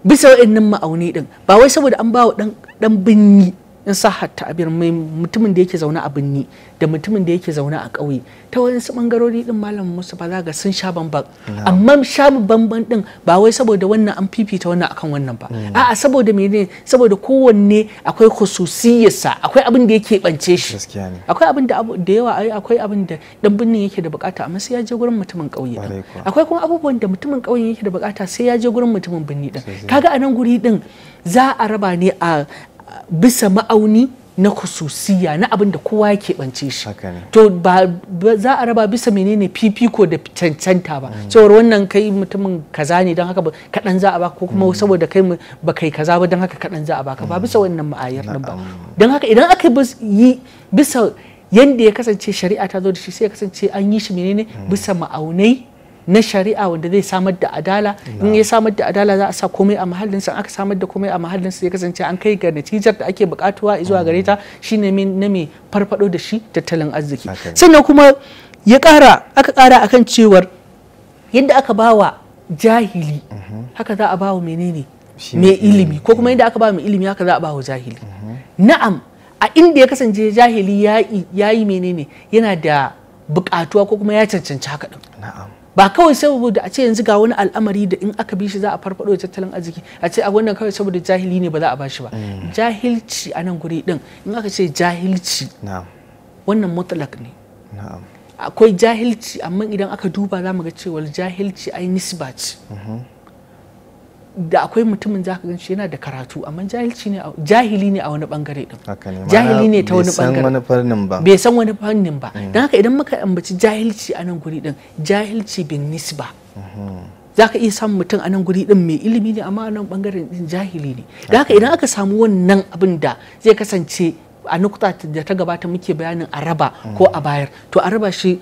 bisa wa'annan ma'aunai din ba wai saboda an ba wa dan binni in sahar ta'abir mai mutumin da yake zaune a binni da mutumin da yake zaune a ƙauye ta wasu bangarori din malam musu ba za ga sun sha bamban amma sha bamban din ba wai saboda wannan an fifita wannan akan wannan ba mm. a'a saboda menene saboda kowanne akwai khususiyarsa akwai abin da yake bance shi akwai abin da da yawa akwai abin da dan binnin yake da bukata amma sai ya je gurin mutumin ƙauye din akwai kuma abubuwan da mutumin ƙauye yake da bukata sai ya je gurin mutumin binni din kaga a nan guri din za a raba ne a bisa ma'auni na kususiya na abin da kowa ya keɓance shi to ba za a raba bisa menene fifiko da cancanta ba mm. cewar wannan kai mutumin kaza ne don haka kaɗan za a baka ko kuma mm. saboda kai ba kai kaza ba don haka kaɗan za a baka ba mm. bisa wannan ma'ayar nan ba don haka idan aka yi bisa yadda ya kasance shari'a ta zo da shi sai ya kasance an yi shi menene bisa ma'aunai na shari'a wanda zai samar da adala in ya samar da adala za a sa komai a mahallinsa aka samar da komai a mahallinsa ya kasance an kai ga natijar da ake bukatuwa zuwa gare ta mm. shine na mai farfado da shi tattalin arziki sannan kuma ya kara aka kara akan cewar yadda aka bawa jahili mm-hmm. haka za a bawa menene mai ilimi ko kuma yadda aka bawa mai ilimi haka za a bawa jahili mm-hmm. na'am a inda ya kasance jahili yayi yi menene yana da bukatuwa ko kuma ya cancanci haka din na'am ba kawai saboda a ce yanzu ga wani al'amari da in aka bi shi za a farfado da tattalin arziki a ce a wannan kawai saboda jahili ne ba za a bashi ba mm. jahilci a nan guri din in aka ce jahilci wannan mutlak ne akwai jahilci amma idan aka duba za mu ga cewa jahilci ai nisba ce mm-hmm. da akwai mutumin za ka ganshi yana da karatu amma jahilci ne jahili ne a wani bangare din jahili ne ta wani bangare bai san wani fannin ba mm. don haka idan muka ambaci jahilci a nan guri din jahilci bin nisba mm-hmm. za ka iya samun mutum a nan guri din mai ilimi ne amma a nan bangare din jahili ne don haka idan aka samu wannan abin da zai kasance a nukuta da ta gabata muke bayanin a raba ko a mm. bayar to a raba shi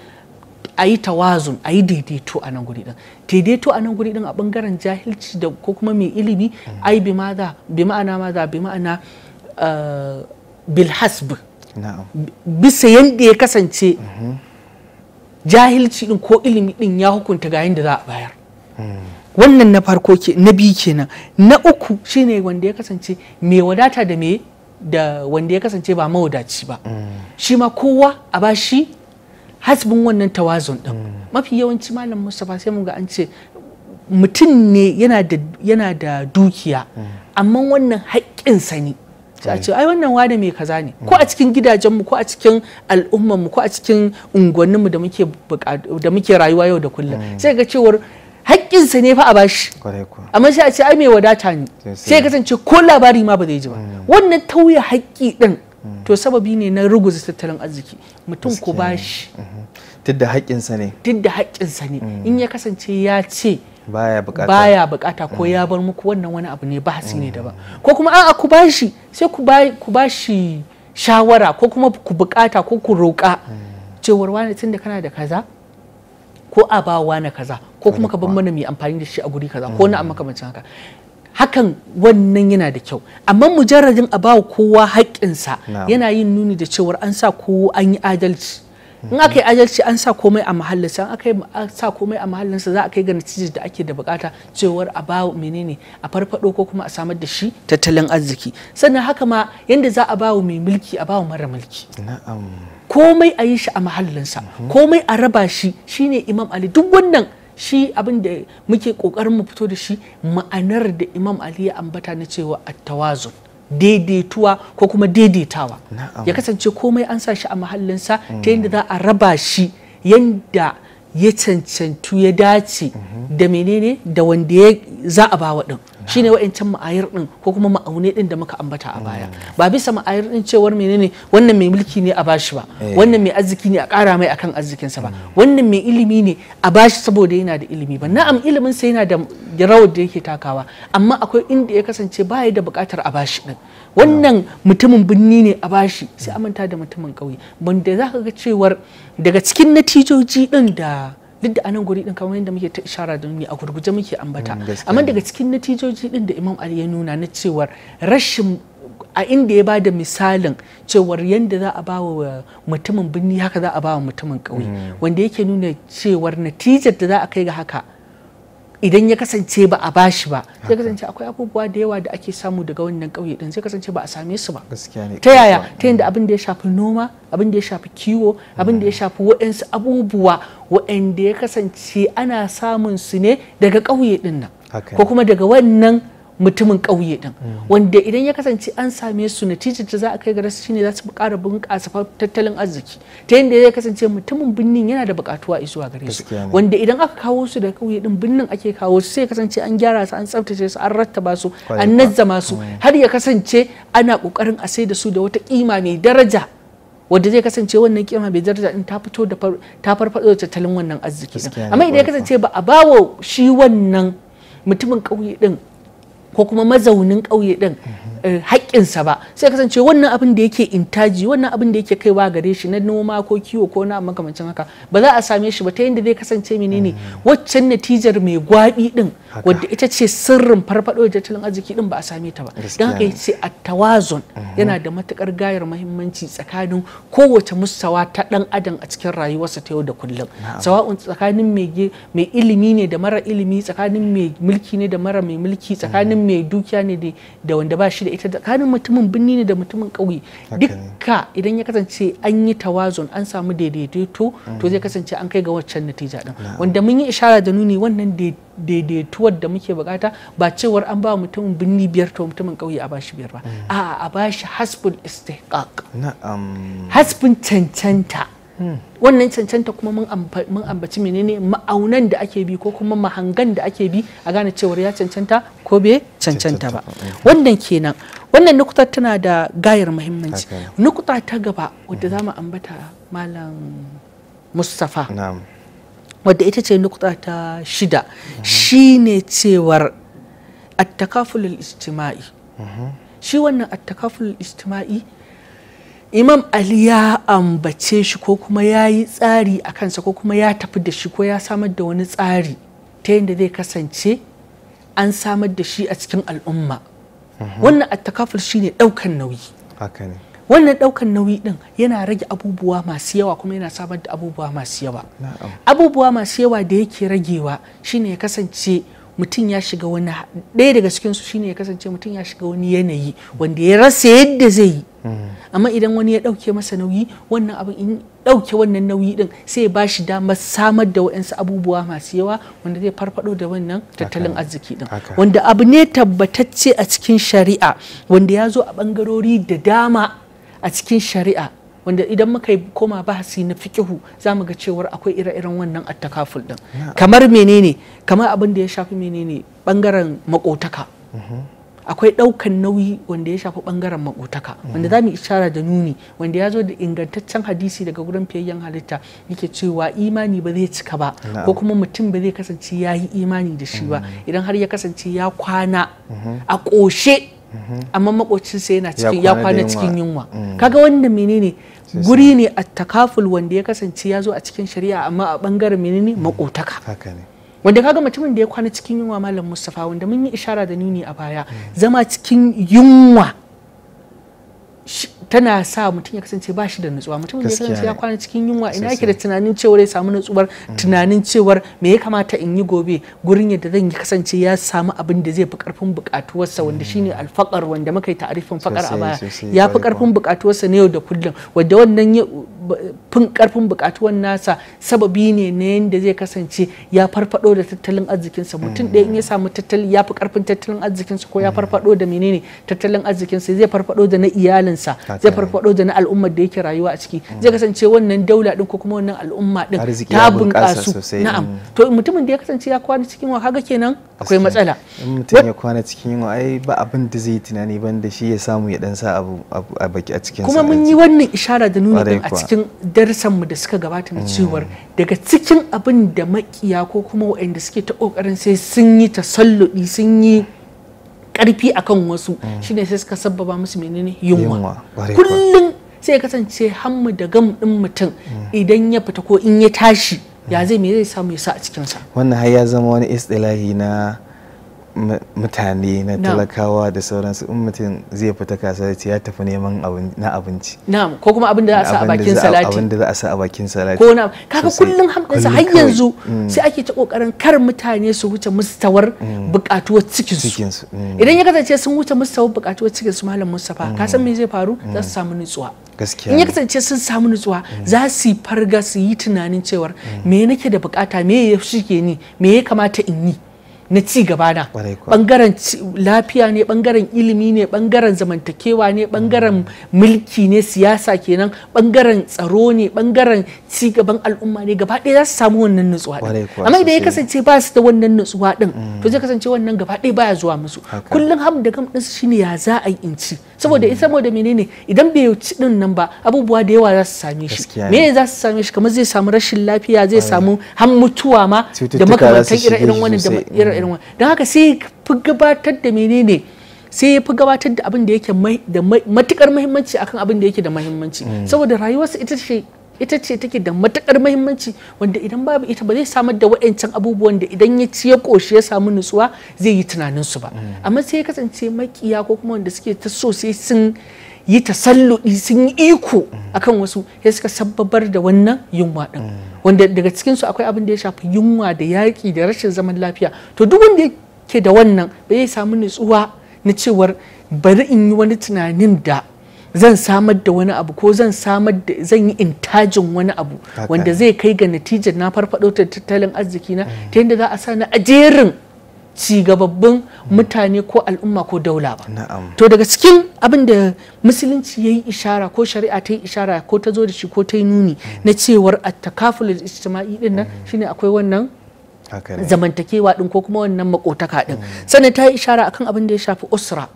a yi tawazun a yi daidaito a nan guri ɗin daidaito a nan guri ɗin a ɓangaren jahilci da ko kuma mai ilimi mm. ai bi maza bi ma'ana maza bi ma'ana eh, bilhasb bisa yadda ya kasance mm-hmm. jahilci ɗin ko ilimi ɗin ya hukunta ga yadda za a bayar mm. wannan na farko ke na biyu kenan na uku shine wanda ya kasance mai wadata da me da wanda ya kasance ba mawadaci ba mm. shi ma kowa a bashi hasbin wannan tawazun din mafi yawanci malam mustapha sai mun ga an ce mutum ne yana da dukiya amma wannan haƙƙinsa ne sai a ce ai wannan wane mai kaza ne ko a cikin gidajenmu ko a cikin al'ummarmu ko a cikin unguwanninmu da muke rayuwa yau da kullum mm. sai ga cewar haƙƙinsa ne fa a bashi amma sai a ce ai mai wadata ne sai kasance ko labari ma ba zai ji ba mm. wannan tauye haƙƙi din to sababi ne na ruguza tattalin arziki mutum ku bashi mhm. duk da haƙƙinsa ne duk da haƙƙinsa ne mm. in ya kasance ya ce baya bukata ko mm. ya bar muku wannan wani abu ne bahasi ne mm. daban ko kuma a'a ku bashi sai ku ba bashi shawara ko kuma ku bukata ko ku roƙa cewar wani da kana da kaza ko a ba wani kaza ko kuma ka bar mana mai amfani da shi a guri kaza ko na makamancin haka hakan wannan yana da kyau amma mujarradin a bawa kowa haƙƙinsa yana yin nuni da cewar an sa ko an yi adalci in aka yi adalci an sa komai a mahallinsa an aka sa komai a mahallinsa za a kai ga natijar da ake da bukata cewar a ba menene a farfado ko kuma a samar da shi tattalin arziki sannan haka ma yanda za a ba wa mai mulki a ba wa mara mulki komai a yi shi a mahallinsa mhm. komai a raba shi shine imam ali duk wannan shi abin da muke kokarin mu fito da shi ma'anar da imam ali ya ambata na cewa attawazun daidaituwa ko kuma daidaitawa ya kasance komai an sa shi a mahallinsa ta mm. yadda za a raba shi yadda ya cancantu ya dace da menene da wanda ya za a bawa din shine wa'ancan ma'ayar din ko kuma ma'aune din da muka ambata a baya ba bisa ma'ayar din cewar menene wannan mai mulki ne a bashi ba eh. wannan mai arziki ne a kara mai akan arzikin sa ba wannan mai ilimi ne a bashi saboda yana da ilimi ba na'am ilimin sa yana da rawar da yake takawa amma akwai inda ya kasance baya da bukatar a bashi din wannan mutumin birni ne a bashi sai a manta da mutumin kauye banda za ka ga cewar daga cikin natijoji ɗin da duk da anan guri din kamar yadda muke ta ishara da a gurguje muke ambata mm, amma daga cikin natijoji din da imam ali ya nuna na cewar rashin a inda ya ba da misalin cewar yadda za a ba wa mutumin birni haka za a ba wa mutumin kauye mm. wanda yake nuna cewar natijar da za a kai ga haka idan ya kasance ba a bashi ba zai kasance akwai abubuwa da yawa da ake samu daga wannan ƙauye din sai kasance ba a same su ba ta yaya ta yadda abin da ya shafi noma abin da ya shafi kiwo abin da ya shafi waɗansu abubuwa waɗanda ya kasance ana samun su ne daga ƙauye din nan ko kuma daga wannan mutumin kauye din mm. wanda idan ya kasance an same su natijar da za a kai ga rasu shine za su ƙara bunƙasa tattalin arziki ta yanda zai kasance mutumin birnin yana da buƙatuwa zuwa gare su wanda idan aka kawo su da kauye din birnin ake kawo su sai kasance an gyara su an tsaftace su an rattaba su an nazzama su mm. har ya kasance ana ƙoƙarin a sai da su da wata ƙima mai daraja wadda zai kasance wannan kima bai daraja din ta fito da ta farfado tattalin wannan arziki amma idan ya kasance ba a bawo shi wannan mutumin kauye din ko kuma mazaunin ƙauye ɗin eh, haƙƙinsa ba sai kasance wannan abin da yake intaji wannan abin da yake kaiwa gare shi na noma ko kiwo ko na makamancin haka ba za a same shi ba ta yadda zai kasance menene mm. waccan natijar mai gwabi din wadda ita ce sirrin farfaɗo da tattalin arziki din ba a same ta ba don haka yace a tawazon mm-hmm. yana da matukar gayar mahimmanci tsakanin kowace musawa ta ɗan adam a cikin rayuwarsa ta yau da kullum sawa'un tsakanin mai ilimi ne da mara ilimi tsakanin mai mulki ne da mara mai mulki tsakanin mai dukiya ne da wanda ba shi da ita tsakanin mutumin binni ne da mutumin ƙauye dukka idan ya kasance an yi tawazon an samu daidaito to zai mm. kasance an kai ga waccan natija din wanda mun yi ishara da nuni wannan daidaituwar da muke bukata ba cewar an ba mutumin binni biyar to mutumin ƙauye a bashi biyar ba mm. a a bashi hasbun istihqaq hasbun cancanta hmm. wannan cancanta kuma mun ambaci menene ma'aunan da ake bi ko kuma mahangan da ake bi a gane cewar ya cancanta ko bai cancanta ba eh. wannan kenan wannan nukuta tana da gayar muhimmanci nukuta ta gaba wadda za mu ambata malam mustapha wadda ita ce nukuta ta shida mhm. shine cewar attakafulul istima'i mhm. shi wannan attakafulul istima'i imam ali ya ambace shi ko kuma ya yi tsari a kansa ko kuma ya tafi da shi ko ya samar da wani tsari ta yadda zai kasance an samar da shi a cikin al'umma wannan attakafur shine ɗaukan nauyi wannan ɗaukan nauyi ɗin yana rage abubuwa masu yawa kuma yana samar da abubuwa masu yawa abubuwa masu yawa da yake ragewa shine ya kasance mutum ya shiga wani ɗaya daga cikinsu shine ya kasance mutum ya shiga wani yanayi wanda ya rasa yadda zai yi amma idan wani ya dauke masa nauyi wannan abin in ɗauke wannan nauyi din sai ba shi damar samar da waɗansu abubuwa masu yawa wanda zai farfaɗo da wannan tattalin arziki ɗin wanda abu ne tabbatacce a cikin shari'a wanda ya zo a bangarori da dama a cikin shari'a wanda idan muka yi koma bahasi na fikihu za mu ga cewar akwai ire-iren wannan attakaful ɗin kamar menene kamar abin da ya shafi menene ɓangaren makotaka mm-hmm. akwai ɗaukan nauyi wanda ya shafi ɓangaren makotaka wanda za mu ishara da nuni wanda ya zo da ingantaccen hadisi daga gurin fiyayyen halitta yake cewa imani ba zai cika ba ko kuma mutum ba zai kasance ya yi imani da shi ba mm-hmm. idan har ya kasance ya kwana mm-hmm. a ƙoshe mm-hmm. amma makocinsa yana cikin ya kwana cikin yunwa mm. kaga wanda menene guri ne a takaful wanda ya kasance ya zo a cikin shari'a amma a bangaren menene mm. makotaka wanda kaga mutumin da ya kwana cikin yunwa malam Mustafa wanda mun yi ishara da nuni a baya zama cikin yunwa tana sa mutum ya kasance ba shi da nutsuwa mutum ya kasance ya kwana cikin yunwa ina yake da tunanin cewar ya samu nutsuwar mm. tunanin cewar me ya kamata in yi gobe gurin yadda zan yi kasance ya samu abin da zai fi karfin bukatuwarsa wanda shine mm. alfakar wanda muka yi ta'arifin fakar a baya ya fi karfin bukatuwarsa na yau da kullum wanda wannan fin karfin bukatuwan nasa sababi ne na yadda zai kasance ya farfado da tattalin arzikinsa mutum ɗaya in ya samu tattali ya fi karfin tattalin arzikinsa ko ya mm-hmm. farfado da menene tattalin arzikinsa zai farfado da na iyalinsa zai farfado da na al'ummar da yake rayuwa a ciki mm. zai kasance wannan daula din ko kuma wannan al'umma din ta bunƙasu na'am mm. to mutumin da ya kasance ya kwana cikin wa kaga kenan akwai matsala mutum ya kwana cikin yunwa ai ba abin da zai tunani ban da shi ya samu ya dan sa abu a baki a cikin kuma mun yi wannan ishara da nuni a cikin mu da suka gabata na cewar daga cikin abin da makiya ko kuma waɗanda suke ta ƙoƙarin sai sun yi tasalludi sun yi ƙarfi akan wasu shine sai suka sabbaba musu menene yunwa kullum sai kasance hammu da gam ɗin mutum idan ya fita ko in ya tashi ya zai me zai samu ya sa a cikinsa wannan har ya zama wani istilahi na mutane na talakawa da sauransu in mutum zai fita kasuwa ya tafi neman na abinci na'am ko kuma abin da za a sa a bakin salati abin da za a sa a bakin salati ko na'am kaga kullun hamdansa har yanzu mm. sai ake ta kokarin kar mutane su wuce mustawar mm. bukatuwar cikin su mm. idan ya kasance sun wuce mustawar bukatuwar cikin su malam Mustafa ka san me zai faru za su samu nutsuwa gaskiya in ya kasance sun samu nutsuwa za su farga su yi tunanin cewar me nake da bukata me ya shike ni me ya kamata in yi na ci gaba na bangaren lafiya ne bangaren ilimi ne bangaren zamantakewa ne bangaren mulki ne siyasa kenan bangaren tsaro ne bangaren ci gaban al'umma ne gaba ɗaya za su samu wannan nutsuwa din amma idan ya kasance ba su da wannan nutsuwa din to zai mm. kasance wannan gaba ɗaya baya zuwa musu kullum ham da gam ɗinsu shine ya za a yi in ci saboda ita mm. saboda menene idan bai ci din nan ba abubuwa da yawa za su same shi me za su same shi kamar zai samu rashin lafiya zai samu har mutuwa ma da makamantan irin irin wannan da irin iren wannan don haka sai fi gabatar da menene sai ya fi gabatar da abin da yake da matukar muhimmanci akan abin da yake da muhimmanci mm. saboda rayuwarsa ita ce ita ce take da matakar mahimmanci wanda idan babu ita ba zai samar da waɗancan abubuwan da idan ya ci ya koshi ya samu nutsuwa zai yi tunanin su ba mm. amma sai ya kasance makiya ko kuma wanda suke ta so sai sun yi ta tasalludi sun yi iko mm. akan wasu ya suka sababar da wannan yunwa din mm. wanda daga cikin su akwai abin da ya shafi yunwa da yaƙi da rashin zaman lafiya to duk wanda yake da wannan ba zai samu nutsuwa na cewar bari in yi wani tunanin da zan samar da wani abu ko zan samar da zan yi intajin wani abu wanda zai kai ga natijar na farfado tattalin arziki na mm. ta yadda za a sa na ajerin cigababbin mm. mutane ko al'umma ko daula ba to daga cikin abin da musulunci ya yi ishara ko shari'a ta yi ishara ko ta zo da shi ko ta yi nuni mm. na cewar a takafulul ijtima'i din nan shine akwai wannan zamantakewa din ko kuma wannan makotaka din sannan ta yi ishara akan abin da ya shafi usra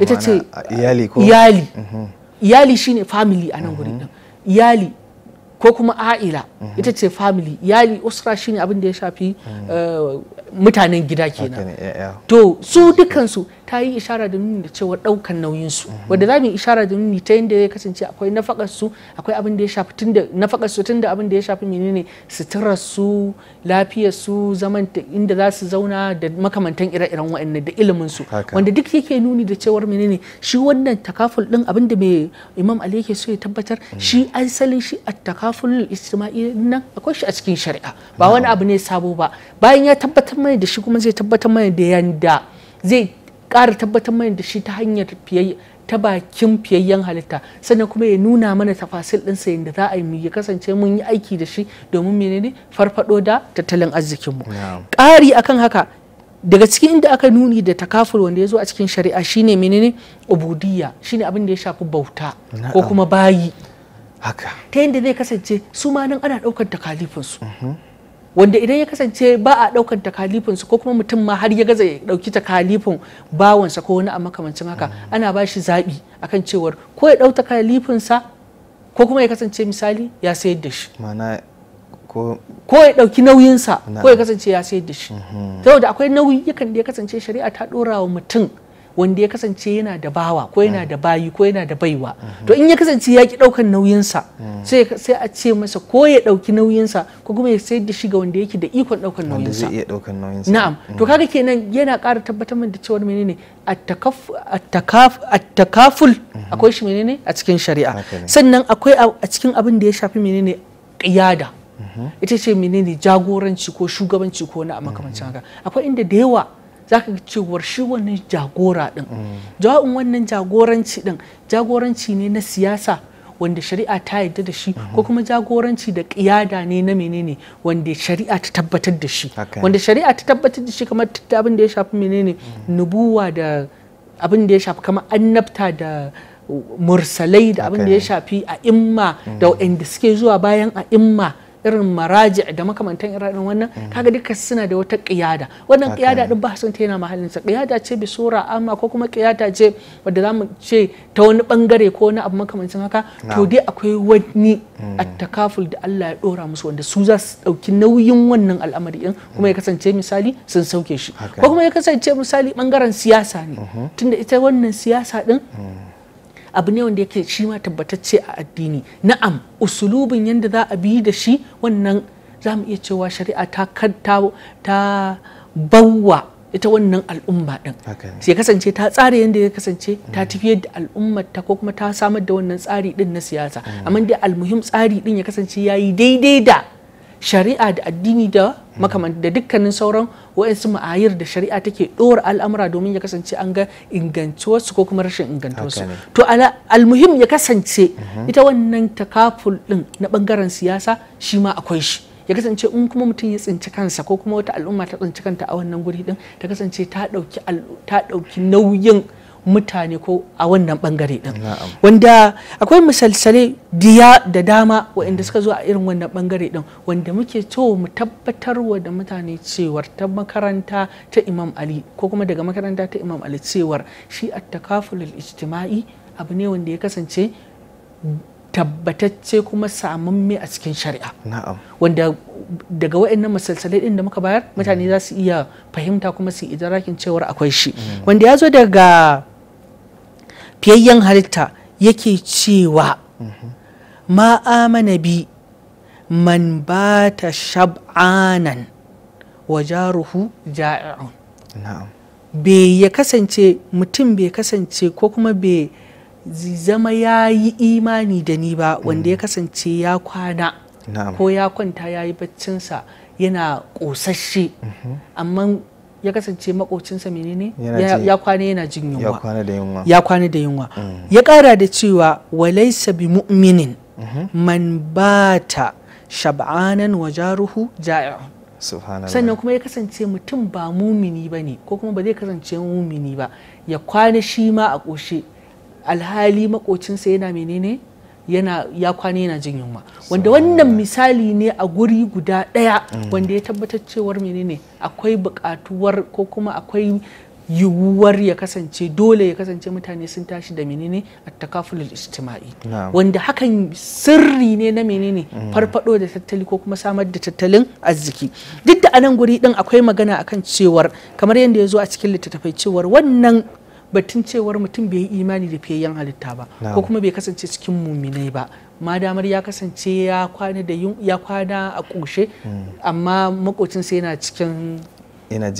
ita ce iyali ko iyali mhm. iyali shine family a nan mhm. guri nan iyali ko kuma a'ila mhm. ita ce family iyali usra shine abin da ya shafi eh, mutanen gida kenan to su dukansu ta yi ishara da nuni da cewa ɗaukan nauyin su wanda za mu yi ishara da nuni ta yadda ya kasance akwai nafakar su akwai abin da ya shafi tunda nafakar su tunda abin da ya shafi menene suturar su lafiyar su inda za su zauna da makamantan ire-iren wa'annan da iliminsu wanda duk yake nuni da cewar menene shi wannan takaful din abin da mai imam ali yake so ya tabbatar shi asalin shi a takaful istima'i nan akwai shi a cikin shari'a ba wani abu ne sabo ba bayan ya tabbatar mai da shi kuma zai tabbatar mana da yanda zai ƙara tabbatar mana da shi ta hanyar ta bakin fiyayyen halitta sannan kuma ya nuna mana tafasil ɗinsa yadda za a yi ya kasance mun yi aiki da shi domin ne farfado da tattalin arzikinmu ƙari akan haka daga cikin inda aka nuni da takafur wanda ya zo a cikin shari'a shine ne ubudiyya shine abin da ya shafi bauta ko kuma bayi ta yadda zai kasance su ma nan ana ɗaukar takalifinsu mhm. wanda idan ya kasance ba a ɗaukan takalifinsu ko kuma mutum ma har ya gaza ya ɗauki takalifin bawansa ko wani a makamancin haka ana ba shi zaɓi akan cewar ko ya ɗau takalifinsa ko kuma ya kasance misali ya sayar da shi ko ya ɗauki nauyinsa ko ya kasance ya sayar da shi mhm. saboda akwai nauyi yakan da ya kasance shari'a ta ɗora wa mutum wanda ya kasance yana da bawa ko yana da bayi ko yana da baiwa mhm. to in ya kasance ya ki daukan nauyinsa mhm. sai a ce masa ko ya dauki nauyinsa ko kuma ya sayar da shi ga wanda yake da ikon daukan nauyinsa wanda zai iya daukan nauyinsa na'am to mhm. kaga kenan yana ƙara tabbatar min da cewa menene at-takaful akwai shi menene a cikin shari'a sannan akwai a cikin abin da ya shafi menene qiyada ita ce menene jagoranci ko shugabanci ko na makamancin haka akwai inda da yawa za ka cewar shi wannan jagora din jawabin wannan jagoranci din jagoranci ne na siyasa wanda shari'a ta yadda da shi ko kuma jagoranci da kiyada ne na menene wanda shari'a ta tabbatar da shi wanda shari'a ta tabbatar da shi kamar abin da ya shafi menene nubuwa da abin da ya shafi kamar annabta da mursalai da abin da ya shafi a imma da waɗanda suke zuwa bayan a imma irin maraji da makamantan irin wannan mm. kaga duka suna da wata kiyada wannan kiyada din ba sun yana mahallin sa kiyada ce bi sura amma ko kuma kiyada ce wadda zamu ce ta wani bangare ko wani abu makamancin haka to dai akwai wani mm. attakaful da Allah ya dora musu wanda su za su dauki nauyin wannan al'amari din kuma ya mm. kasance misali sun sauke shi ko kuma ya kasance misali bangaren siyasa ne mm-hmm. tunda ita wannan siyasa din abu ne wanda yake shi ma tabbatacce a addini na'am usulubin yadda za a bi da shi wannan za mu iya cewa shari'a ta ta bawa ita wannan al'umma din sai kasance ta tsara yadda ya kasance ta tafiyar da al'ummar ta ko kuma ta samar da wannan tsari din na siyasa mm. amma dai almuhim tsari din ya kasance yayi daidai da shari'a da addini da makamanta da dukkanin sauran wa'yansu ma'ayir da shari'a take ɗora al'amura domin ya kasance an ga ingantuwarsu ko kuma rashin ingantuwarsu to almuhim ya kasance ita wannan takaful ɗin na bangaren siyasa shi ma akwai shi ya kasance in kuma mutum ya tsinci kansa ko kuma wata al'umma ta tsinci kanta a wannan guri din ta kasance ta ɗauki nauyin mutane ko a wannan bangare din wanda akwai misalsalai diya da dama waɗanda suka zo a irin wannan bangare din wanda muke to mu tabbatar wa da mutane cewar ta makaranta ta imam ali ko kuma daga makaranta ta imam ali cewar shi a takafulul ijtima'i abu ne wanda ya kasance tabbatacce kuma samun samamme a cikin shari'a wanda daga waɗannan masalsalai ɗin da muka bayar mutane mm. za su iya fahimta kuma su rakin cewar akwai shi mm. wanda ya zo daga fiyayyen halitta yake cewa ma amana bi man ba ta shab'anan wa jaruhu ja'i'un bai ya kasance mutum bai kasance ko kuma bai zama ya yi imani da ni ba wanda ya mm. kasance ya kwana ko ya kwanta ya yi baccinsa yana ƙosashe mm-hmm. amma ya kasance makocinsa menene ya kwana yana jin yunwa ya kwana da yunwa ya kara mm. da cewa walaisa bi mu'minin mm-hmm. man bata shab'anan wa jaruhu ja'i'un sannan kuma ya kasance mutum ba mumini ba ne ko kuma ba zai kasance mumini ba ya kwana shi ma a ƙoshe alhali makocinsa yana menene yana ya kwana yana jin yunwa wanda wannan misali ne a guri guda ɗaya mm. wanda ya tabbatar cewar menene akwai bukatuwar ko kuma akwai yiwuwar ya kasance dole ya kasance mutane sun tashi da menene a takafulul istima'i wanda hakan sirri ne na menene mm. farfado da tattali ko kuma samar da tattalin arziki duk da anan guri din akwai magana akan cewar kamar yadda ya zo a cikin littattafai cewar wannan batun cewar mutum bai yi imani da fiyayyen halitta ba ko kuma bai kasance cikin muminai ba ma damar ya kasance ya kwana a ƙushe hmm. amma makocin sai yana cikin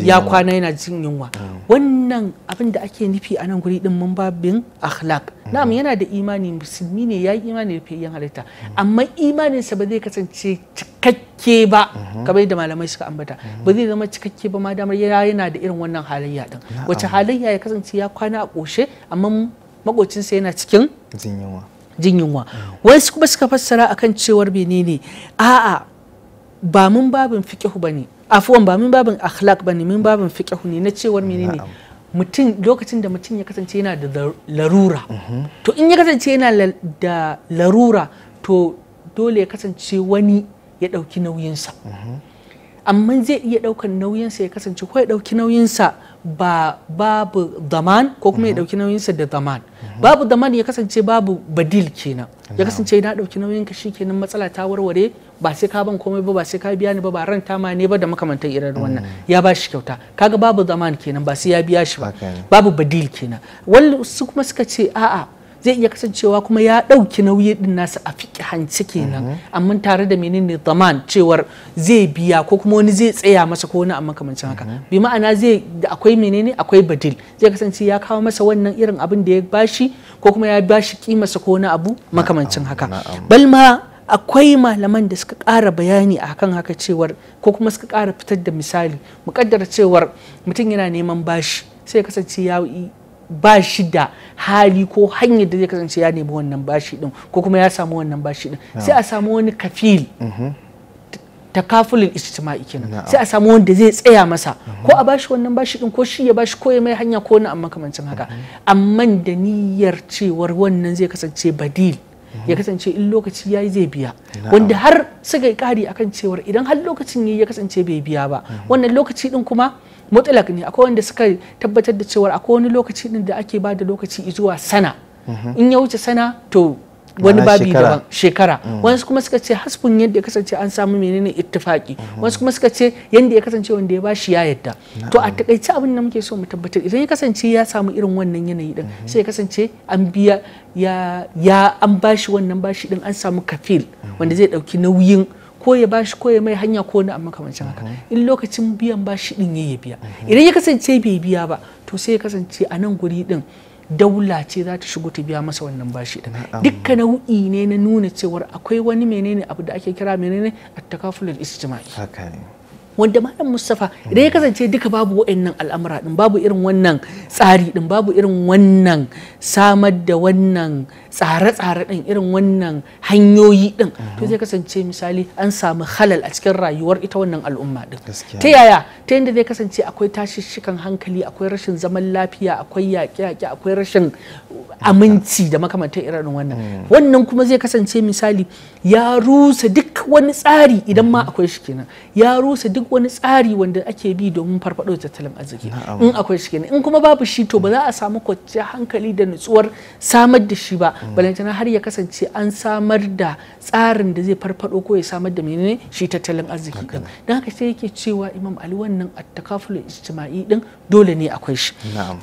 ya kwana yana jin yunwa ah. wannan abin da ake nufi a nan guri din mun babin akhlaq mm. na'am yana da imani musulmi ne ya yi imani da fiyayyen halitta amma imaninsa ba zai kasance cikakke ba mm-hmm. kamar yadda malamai suka ambata mm-hmm. ba zai zama cikakke ba ma damar yana da irin wannan halayya din wace halayya ya kasance ya kwana a koshe amma makocinsa yana cikin jin yunwa jin yunwa mm. wasu kuma suka fassara akan cewar menene a'a ba mun babin fiqhu bane afuwan ba min babin akhlaq bane min babin fiqh ne na cewar menene mutum lokacin da mutum ya kasance yana da larura mhm. to in ya kasance yana da larura to dole ya kasance wani ya ɗauki nauyinsa mhm. amma zai iya ɗaukar nauyinsa ya kasance ko ya ɗauki nauyinsa ba babu daman ko kuma ya mhm. ɗauki nauyinsa da zaman. babu zaman ya kasance babu badil kenan ya kasance na ɗauki nauyinka shi kenan matsala ta warware ba sai ka ban komai ba ba sai ka biya ni ba ba ran ma ne ba da makamantan irin wannan mm. ya ba shi kyauta kaga babu zaman kenan ba sai ya biya shi ba babu badil kenan wani su kuma suka ce a'a zai iya kasancewa kuma ya ɗauki nauyi din nasa a hanci kenan mhm. amma tare da menene zaman cewar zai biya ko kuma wani zai tsaya masa ko wani amma kamancin haka mhm. bi ma'ana zai akwai menene akwai badil zai kasance ya kawo masa wannan irin abin da ya bashi ko kuma ya bashi kimarsa ko wani abu makamancin haka balma akwai malaman da suka ƙara bayani a kan haka cewar ko kuma suka ƙara fitar da misali mukaddara cewar mutum yana neman bashi sai kasance ya ba shi da hali ko hanyar da zai kasance ya nemi wannan bashi din ko kuma ya samu wannan bashi din sai a samu wani kafil mhm. takafulin istima'i kenan sai a samu wanda zai tsaya masa mhm. ko a bashi wannan bashi din ko shi ya bashi ko ya mai hanya ko na amma kamancin haka mhm. amma da niyyar cewar wannan zai kasance badil ya kasance in lokaci ya zai biya wanda har suka yi kari akan cewar idan har lokacin ya kasance bai biya ba wannan lokaci din kuma mutlak ne akwai wanda suka tabbatar da cewa akwai wani lokaci din da ake bada lokaci zuwa sana mhm. in ya wuce sana to wani babi daban shekara mm. wasu kuma suka ce hasbun yadda ya kasance an samu menene ittifaki mhm. wasu kuma suka ce yadda ya kasance wanda ya bashi ya yadda to a takaice abin da muke so mu tabbatar idan ya kasance ya samu irin wannan yanayi din mhm. sai ya kasance an biya ya an bashi wannan bashi din an samu kafil wanda zai dauki nauyin ko ya bashi ko ya mai hanya ko ni amma kamancin haka in lokacin biyan bashi din ya biya idan ya kasance bai biya ba to sai ya kasance a nan guri din daula ce za ta shigo ta biya masa wannan bashi din dukkan nau'i ne na nuna cewar akwai wani menene abu da ake kira menene at al ijtima'i haka ne wanda malam Mustapha idan ya kasance duka babu wa'annan al'amura din babu irin wannan tsari din babu irin wannan samar da wannan tsare-tsare din irin wannan hanyoyi din to zai kasance misali an samu halal a cikin rayuwar ita wannan al'umma din ta yaya ta yanda zai kasance akwai tashishikan hankali akwai rashin zaman lafiya akwai yaƙe-yaƙe akwai rashin aminci da makamantar irin wannan hmm. wannan kuma zai kasance misali ya rusa duk wani tsari idan ma hmm. akwai shi kenan ya rusa duk wani tsari wanda ake bi domin farfado tattalin arziki in akwai shi kenan in kuma babu shi to ba za a samu kwanciyar hankali da nutsuwar samar da shi ba hmm. balantan har ya kasance an samar da tsarin da zai farfado ko ya samar da menene shi tattalin arziki don haka sai yake cewa imam ali wannan attakaful ijtima'i din dole ne akwai shi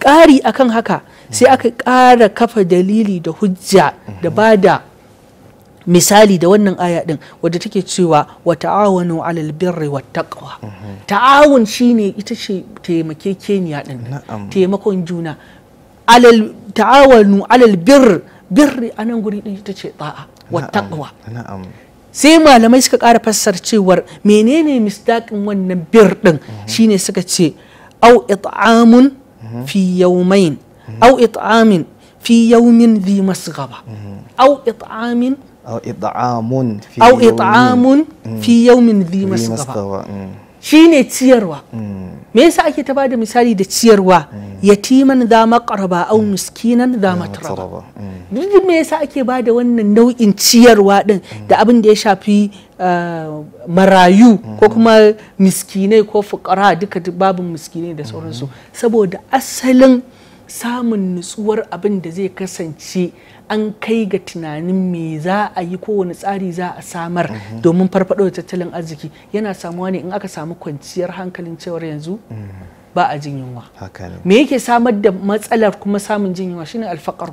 ƙari akan haka sai aka ƙara kafa dalili da hujja da mhm. ba da misali da wannan aya din wadda take cewa wa ta'awanu alal birri wa taqwa mhm. ta'awun shine ita ce taimakekeniya din taimakon juna alal ta'awanu alal birr birri anan guri din ita ce ta'a wa taqwa sai malamai suka ƙara fassar cewar menene misdaƙin wannan birr din mhm. shine suka ce أو إطعام في يومين أو إطعام في يوم ذي مسغبة أو إطعام أو إطعام في أو إطعام في يوم ذي مسغبة شيني تيروا me yasa ake ta bada misali da ciyarwa mm. yatiman za maqraba au mm. miskinan za matraba mm. duk me yasa ake bada wannan nau'in ciyarwa din da abin da ya shafi ah, marayu ko kuma miskinai ko fukara duka babin miskinai da sauransu saboda asalin samun nutsuwar abin da zai kasance an kai ga tunanin me za a yi kowane tsari za a samar mhm. domin farfaɗo da tattalin arziki yana samuwa ne in aka samu kwanciyar hankalin cewar yanzu mhm. ba a jin yunwa me yake samar da matsalar kuma samun jin yunwa shine alfaqar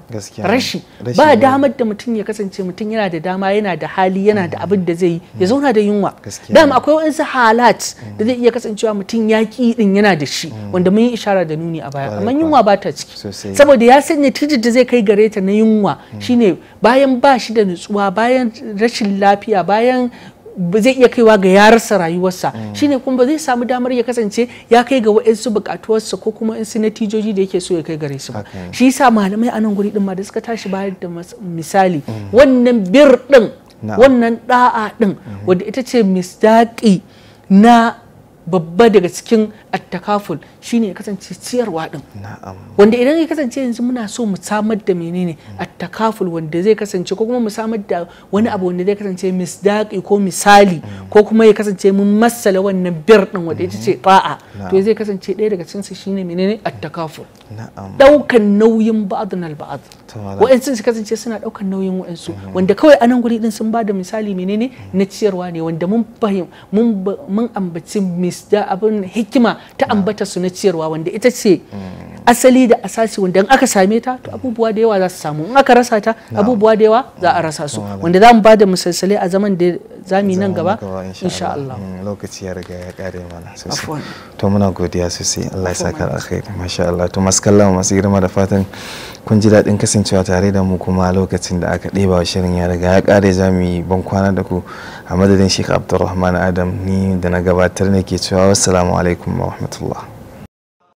rashi ba damar da mutum ya kasance mutum yana da dama yana da hali yana da abin da zai yi ya mm. zauna da yunwa dama akwai waɗansu halat da zai mm. iya kasancewa mutum ya ki din yana da shi mm. wanda mun yi ishara da nuni a baya amma yunwa ba ta ciki saboda ya sanya tijir da zai kai gare ta na yunwa shine bayan ba shi da nutsuwa bayan rashin lafiya bayan zai iya kaiwa ga ya rasa rayuwarsa shine kuma ba zai samu damar ya kasance ya kai ga wa'insu bukatuwarsa ko kuma su natijoji da yake so ya kai gare su ba shi yasa malamai a nan guri din ma da suka tashi bayar da misali mm. wannan bir din wannan da'a din mm-hmm. wadda ita ce misdaki na babba daga cikin attakaful shine ya kasance ciyarwa din wanda idan ya kasance yanzu muna so mu samar da menene mm. attakaful wanda zai kasance ko kuma mu samar da wani abu wanda zai kasance misdaki ko misali mm. ko kuma ya kasance mun masala wannan bir din wanda ita ce mm-hmm. ta'a to zai kasance ɗaya daga cikin su shine menene attakaful daukan nauyin ba'dun al ba'd wa'ansu su kasance suna daukan nauyin wa'ansu mm-hmm. wanda kawai anan guri din sun bada misali menene mm. na ciyarwa ne wanda mun fahim mun ambaci da abin hikima ta ambata su na ciyarwa wanda ita ce hmm. asali da asasi wanda in aka same ta to abubuwa da yawa za su samu in aka rasa ta abubuwa da yawa za a rasa su wanda za mu ba da misalsalai a zaman da za mu nan gaba insha Allah hmm, lokaci ya riga ya kare mana sosai to muna godiya sosai Allah ya saka alkhairi masha Allah to masu kallon masu girma da fatan kun ji daɗin kasancewa tare da mu kuma lokacin da aka ɗeba wa shirin ya riga ya ƙare za mu yi ban kwana da ku a madadin sheik abdulrahman adam ni da na gabatar ne ke cewa wasu alaikum wa rahmatullah